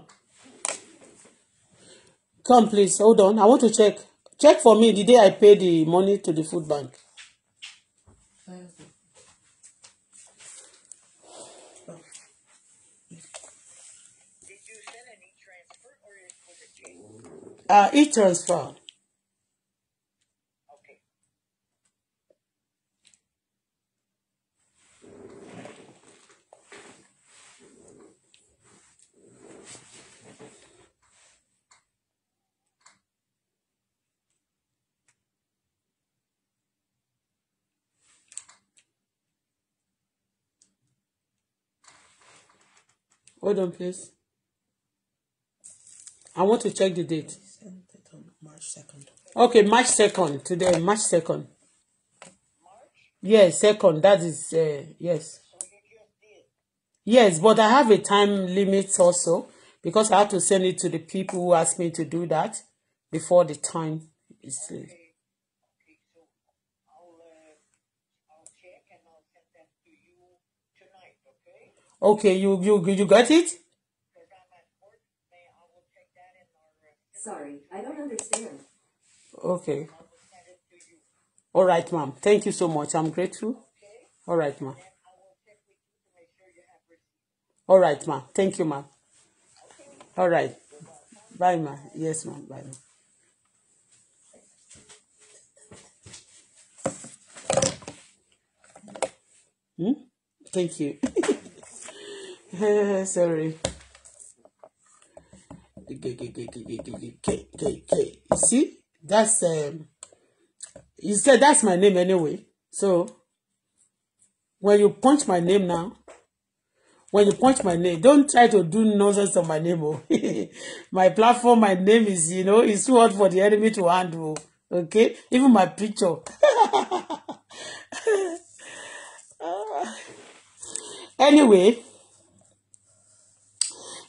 come please hold on i want to check check for me the day i pay the money to the food bank. Uh, e-transfer. Hold on, please. I want to check the date. March 2nd. Okay, March 2nd. Today, March 2nd. March? Yes, yeah, 2nd. That is, uh, yes. yes, but I have a time limit also because I have to send it to the people who asked me to do that before the time is Okay. Uh, Okay, you you you got it? Sorry, I don't understand. Okay. All right, ma'am. Thank you so much. I'm grateful. Okay. All right, ma'am. All right, ma'am. Thank you, ma'am. Okay. All right. Bye, ma'am. Yes, ma'am. Bye, ma'am. Hmm? Thank you. Sorry. You see, that's um, you said that's my name anyway. So when you punch my name now, when you punch my name, don't try to do nonsense on my name. Oh. my platform, my name is, you know, it's too hard for the enemy to handle. Okay? Even my picture. anyway.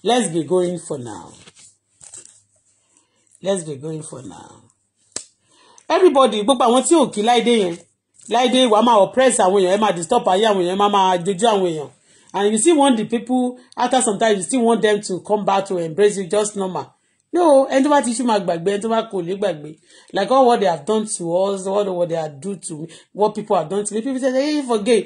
Let's be going for now. Let's be going for now. Everybody, gbogbo àwọn tí ò kí láìdé yẹn láìdé wàá máa oppress àwọn èèyàn ẹ máa disturb ayé àwọn èèyàn ẹ máa máa dojú àwọn èèyàn and you still want the people after some time you still want them to come back to embrace you just normal no ẹni tó bá ti ṣú máa gbàgbé ẹni tó bá kò ní gbàgbé like all what they have done to us all what they have do to me what people have done to me people say hey forget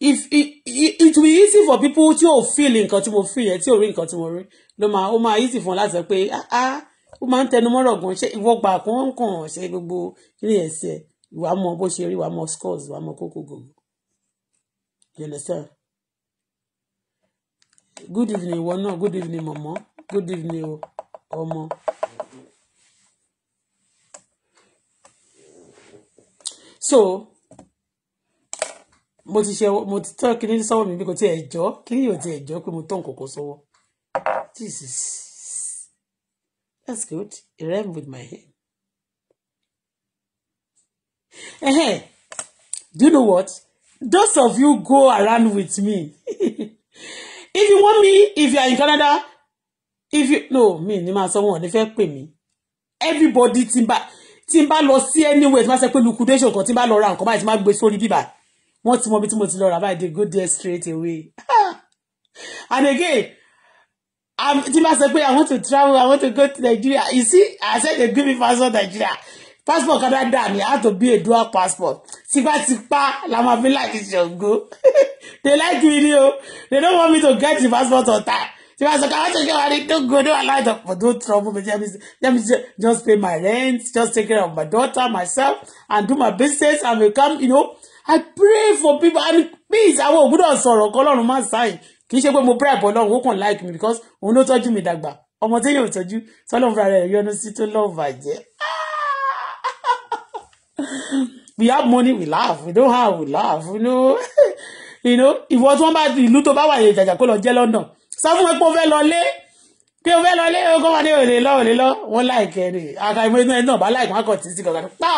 if it, it, it will be easy for people tí ò feel nǹkan tí mo feel yẹn tí ò rí nǹkan tí mo rí ló máa ó máa easy fún ọ láti sọ pé ah ah ó máa ń tẹnu mọ́rọ̀ gan ṣé ìwọ gbà kó ń kàn ṣe gbogbo ilé ẹ̀sẹ̀ ìwà mọ bó ṣe rí ìwà mọ scores ìwà mọ kókó gbogbo understand good evening ìwọ náà good evening mọ̀mọ́ good evening ọmọ. so mo ti ṣe mo ti tọ́ kiri sọ́wọ́ mi bí kò tiẹ̀ jọ́ kiri yóò tiẹ̀ jọ́ pé mo tọ́ nǹkan kan sọ́wọ́ Jesus that's good it rhyme with my head. Hey, do you know what? Those of you go around with me. if you want me, if you are in Canada, if you no me ni ma sọ wọn ò ní fẹ́ pè mí everybody tí n bá tí n bá lọ sí anywhere tí n bá sọ pé liquidation kan tí n lọ ra nǹkan báyìí tí n gbé sórí bíbá wọ́n ti mọ bí tí mo ti lọ rà báyìí go there straight away and again tí bá sọ pé i want to travel i want to go to nigeria you see i said they give me passport nigeria passport canada ni how to be a dual passport tipátipá la máa fi láti ṣògo they like me ni o they don't want me to get the passport on time tí wọ́n sọ pé want to wà ní don't go don't allow the for don't trouble me let me just pay my rent just take care of my daughter myself and do my business and come. you know I pray for people I and please àwọn ògbúdọ̀ sọ̀rọ̀ kọlọ́run má sáyìn kì í ṣe pé mo for ọlọ́run ó kàn like me because òun ló tọ́jú mi dàgbà ọmọ tí yóò tọ́jú sọ́lọ́run fúnra rẹ̀ yọnu sí tó lọ́ọ̀ bàjẹ́. we have money we laugh we don't have we laugh you know you know ìwọ tí wọ́n bá ìlú tó bá wà yẹn jàjà kó lọ jẹ́ London sọ fún mi pé ó fẹ́ lọ lé pé o fẹ́ lọ ilé ọkọ wa ní òlè lọ òlè lọ wọn láìkẹ ni àkàìmọ inú ẹ náà bá láìkọ akọ títí kan pa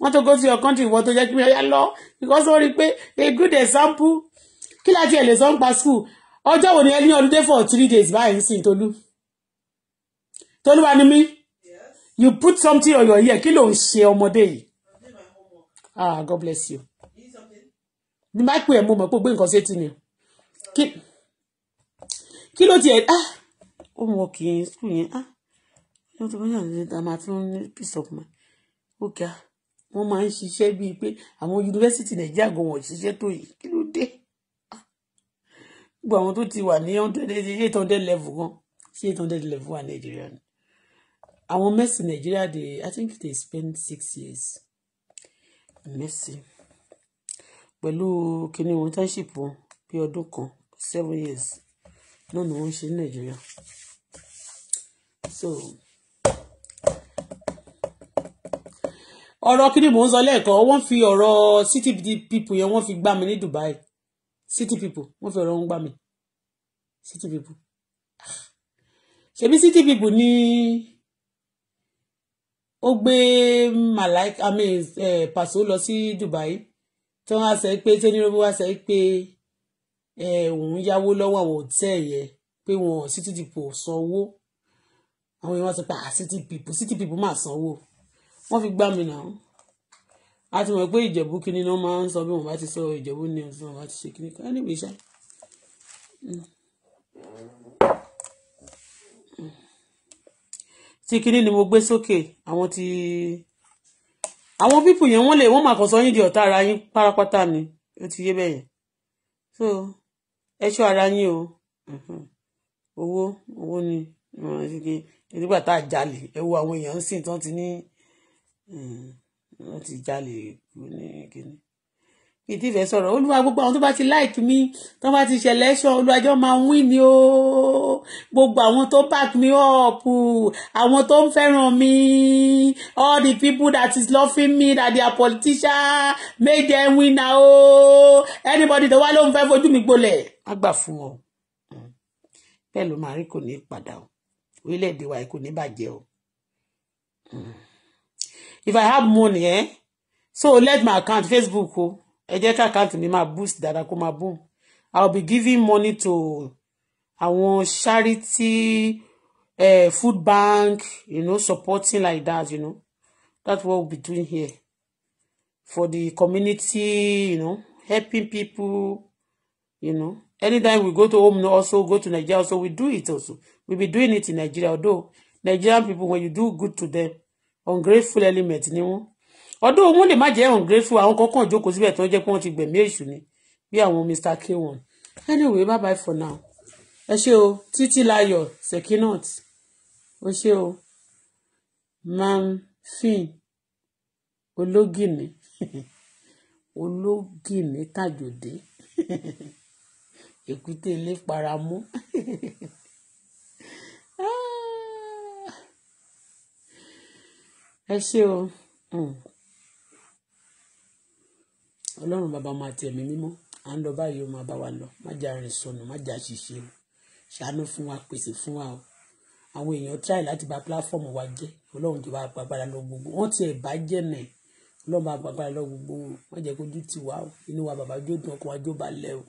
wọn tó go sí your country ìwọ tó jẹ kí mi ọyá lọ because wọn rí i pé a good example kí láti ẹ lè sọ ń pa school ọjọ́ wo ni ẹ ní holiday for three days báyìí sí tolú tolú wa ni mí you put something on your ear kí ló ń ṣe ọmọdé yìí ah God bless you ní bá pè ẹ mo mọ̀ pé o gbé nǹkan sétí ni kí ló tiẹ̀ ah homework yẹn school yẹn ah wọ́n ti wọ́n yàn ní ta máa tún ní peace of mind ó ga wọ́n máa ń ṣiṣẹ́ bíi pé àwọn yunifásitì nàìjíríà gan wọ́n ṣiṣẹ́ tó yìí kí ló dé ah, gbogbo àwọn tó ti wà ní eight hundred level gan sí eight hundred level wà nàìjíríà ni àwọn Messi nàìjíríà dey I think they spend six years Messi pẹ̀lú kíní internship wọn bí ọdún kan seven years náà ni wọ́n ń ṣe ní nàìjíríà so ọ̀rọ̀ kí ni mò ń sọ lẹ́ẹ̀kan wọ́n fi ọ̀rọ̀ city people yẹn wọ́n fi gbá mi ní Dubai city people wọ́n fi ọ̀rọ̀ wọn gbá mi city people ṣebí city people ni ó gbé malaika i mean eh, lọ sí Dubai tí wọ́n á sọ pé tẹ́nirọ́bù wá sọ pé eh, òun yáwó lọ́wọ́ àwọn òtẹ́ẹ̀ yẹn pé wọn city people sanwó àwọn èèyàn ti pa ah, city people city people máa sanwó wọ́n fi gbá mi nà án a ti mọ̀ pé ìjẹ̀bú kínní náà máa ń sọ bí wọ́n bá ti sọ ìjẹ̀bú ni wọ́n bá ti ṣe kínní kan níbi mm. mm. iṣẹ́. tí kínní ni mo gbé sókè àwọn ti àwọn pípù yẹn wọ́n lè wọ́n máa kàn sọ yín di ọ̀tá ara yín pátápátá ni ó ti yé bẹ́yẹn so ẹ ṣọ́ ara yín o mm-hmm. owó owó ni ìmọ̀ràn ṣe kéde nígbà tá a jalè ẹ wo àwọn èèyàn ń sìn tán ti ní wọ́n ti jalè ní kíní ìdí ìfẹ́ sọ̀rọ̀ olúwa gbogbo àwọn tó bá ti like mi tó bá ti ṣe election olúwàjọ́ máa ń win ni o gbogbo àwọn tó back me up àwọn tó ń fẹ́ràn mi all the people that is loving me that they are politicians make them win na o anybody tó wá ló ń fẹ́ fojú mi gbolẹ̀ á gbà fún ọ bẹ́ẹ̀ ló máa rí kò ní í padà o orílẹ̀-èdè wa kò ní bàjẹ́ o. Hmm. if i have money eh? so let my account facebook o ẹ jẹ́ ká account mi máa boost dáadáa kó máa boom i will be giving money to àwọn charity uh, food bank you know supporting like that you know that's what we'll be doing here for the community you know helping people you know anytime we go to home also go to Nigeria also we do it also We'll be doing it in Nigeria, although Nigerian people, when you do good to them, ungrateful element ni wọ́n. Although when lè má jẹ́ ungrateful, àwọn kọ̀ọ̀kan jókòó síbẹ̀ tó jẹ́ pé wọ́n ti gbẹ̀mí èṣù ni, bí àwọn Mr. k one. Anyway, bye bye for now. Ẹ ṣé Titi títí láyọ̀, Sekinat. Ẹ ṣé o, Mam Fin, ológìní, ológìní tàjòdé, èkúté ilé paramú. Ah. ẹ ṣé o mm. ọlọ́run bàbá máa ti ẹ̀mí mímọ́ à ń lọ báyìí ó máa bá wa lọ má jà rìn sọnù má jà ṣìṣe o ṣàánú fún wa pèsè fún wa o àwọn èèyàn try láti bà pílàfọ́ọ̀mù wa jẹ́ ọlọ́run tó bá gbàgbára lọ gbogbo wọ́n ti ẹ̀ bá jẹ́ nẹ̀ ọlọ́run bá gbàgbára lọ gbogbo wọn má jẹ́ kójú tì wá o inú wa bàbá jó dùn ọkàn wa jó balẹ̀ o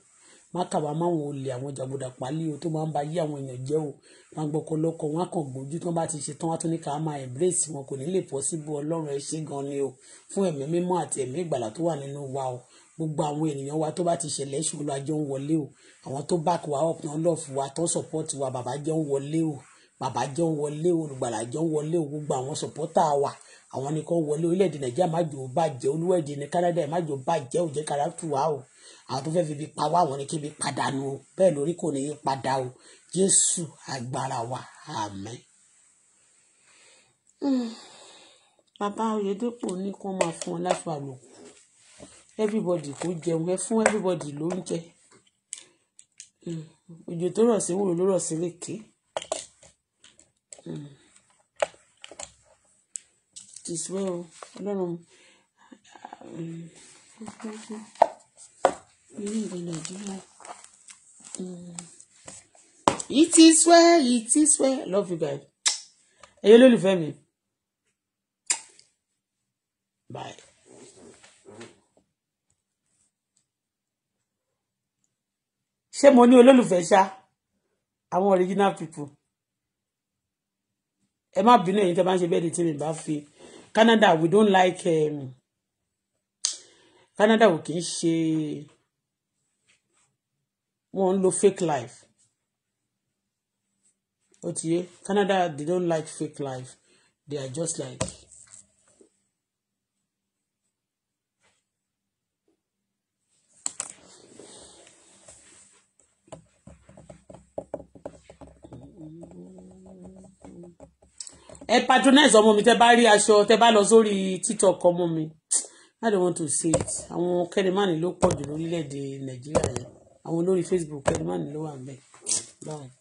má kàwá máwọn olè àwọn jàgùdà pálí o tó máa ń ba yí àwọn èèyàn jẹ́ o wọn gbọ́kọ lọ́kọ wọn kàn gbójú tí wọ́n bá ti ṣe tán wá tún ní ká máa embrace wọn kò ní lè possible ọlọ́run ẹ ṣé gan ni o fún ẹ̀mí mímọ́ àti ẹ̀mí ìgbàlà tó wà nínú wa o gbogbo àwọn ènìyàn wa tó bá ti ṣẹlẹ̀ ṣùgbọ́n lọ àjọ ń wọlé o àwọn tó back wa up náà love wa tó support wa bàbá jọ ń wọlé o bàbá jọ ń wọlé o olùgbàlà jọ ń wọlé o gbogbo àwọn supporter wa àwọn nìkan wọlé orílẹ̀-èdè nàìjíríà má jò bàjẹ́ olúwẹ̀dì ní Canada má jò bàjẹ́ òjẹ́ káràtù wa o àwọn tó fẹ́ fi bí pa wá àwọn ní kí bí padà nu o bẹ́ẹ̀ lórí kò ní í padà o jésù agbára wa àmín. bàbá oyèdèpọ̀ ní kí máa fún ọ láṣọ àlòkù everybody kò jẹun ẹ fún everybody lóúnjẹ òjò tó rọ̀ sí wòrò ló rọ̀ sí lèké jésù ẹ o ọlọ́run. Thank you orílẹ̀-èdè nàìjíríà. Hmm. it is well it is well I love you guys ẹ̀yin olólùfẹ́ mi bye. ṣé mo ní olólùfẹ́ ṣá àwọn original people ẹ má bínú ẹ̀yin tẹ́ bá ń ṣe bẹ́ẹ̀ ni tí mi bá fi Canada we don't like um, Canada We kì í ṣe wọ́n ń lo fake life ó ti yé Canada they don't like fake life they are just like ẹ patronize ọmọ mi tẹ bá rí aṣọ tẹ bá lọ sórí TikTok ọmọ mi I don't want to say it àwọn kẹrìmánì ló pọ̀ jù lórílẹ̀ Nàìjíríà yẹn àwọn olórí Facebook ẹni má nílò wà ń bẹ̀ báyìí.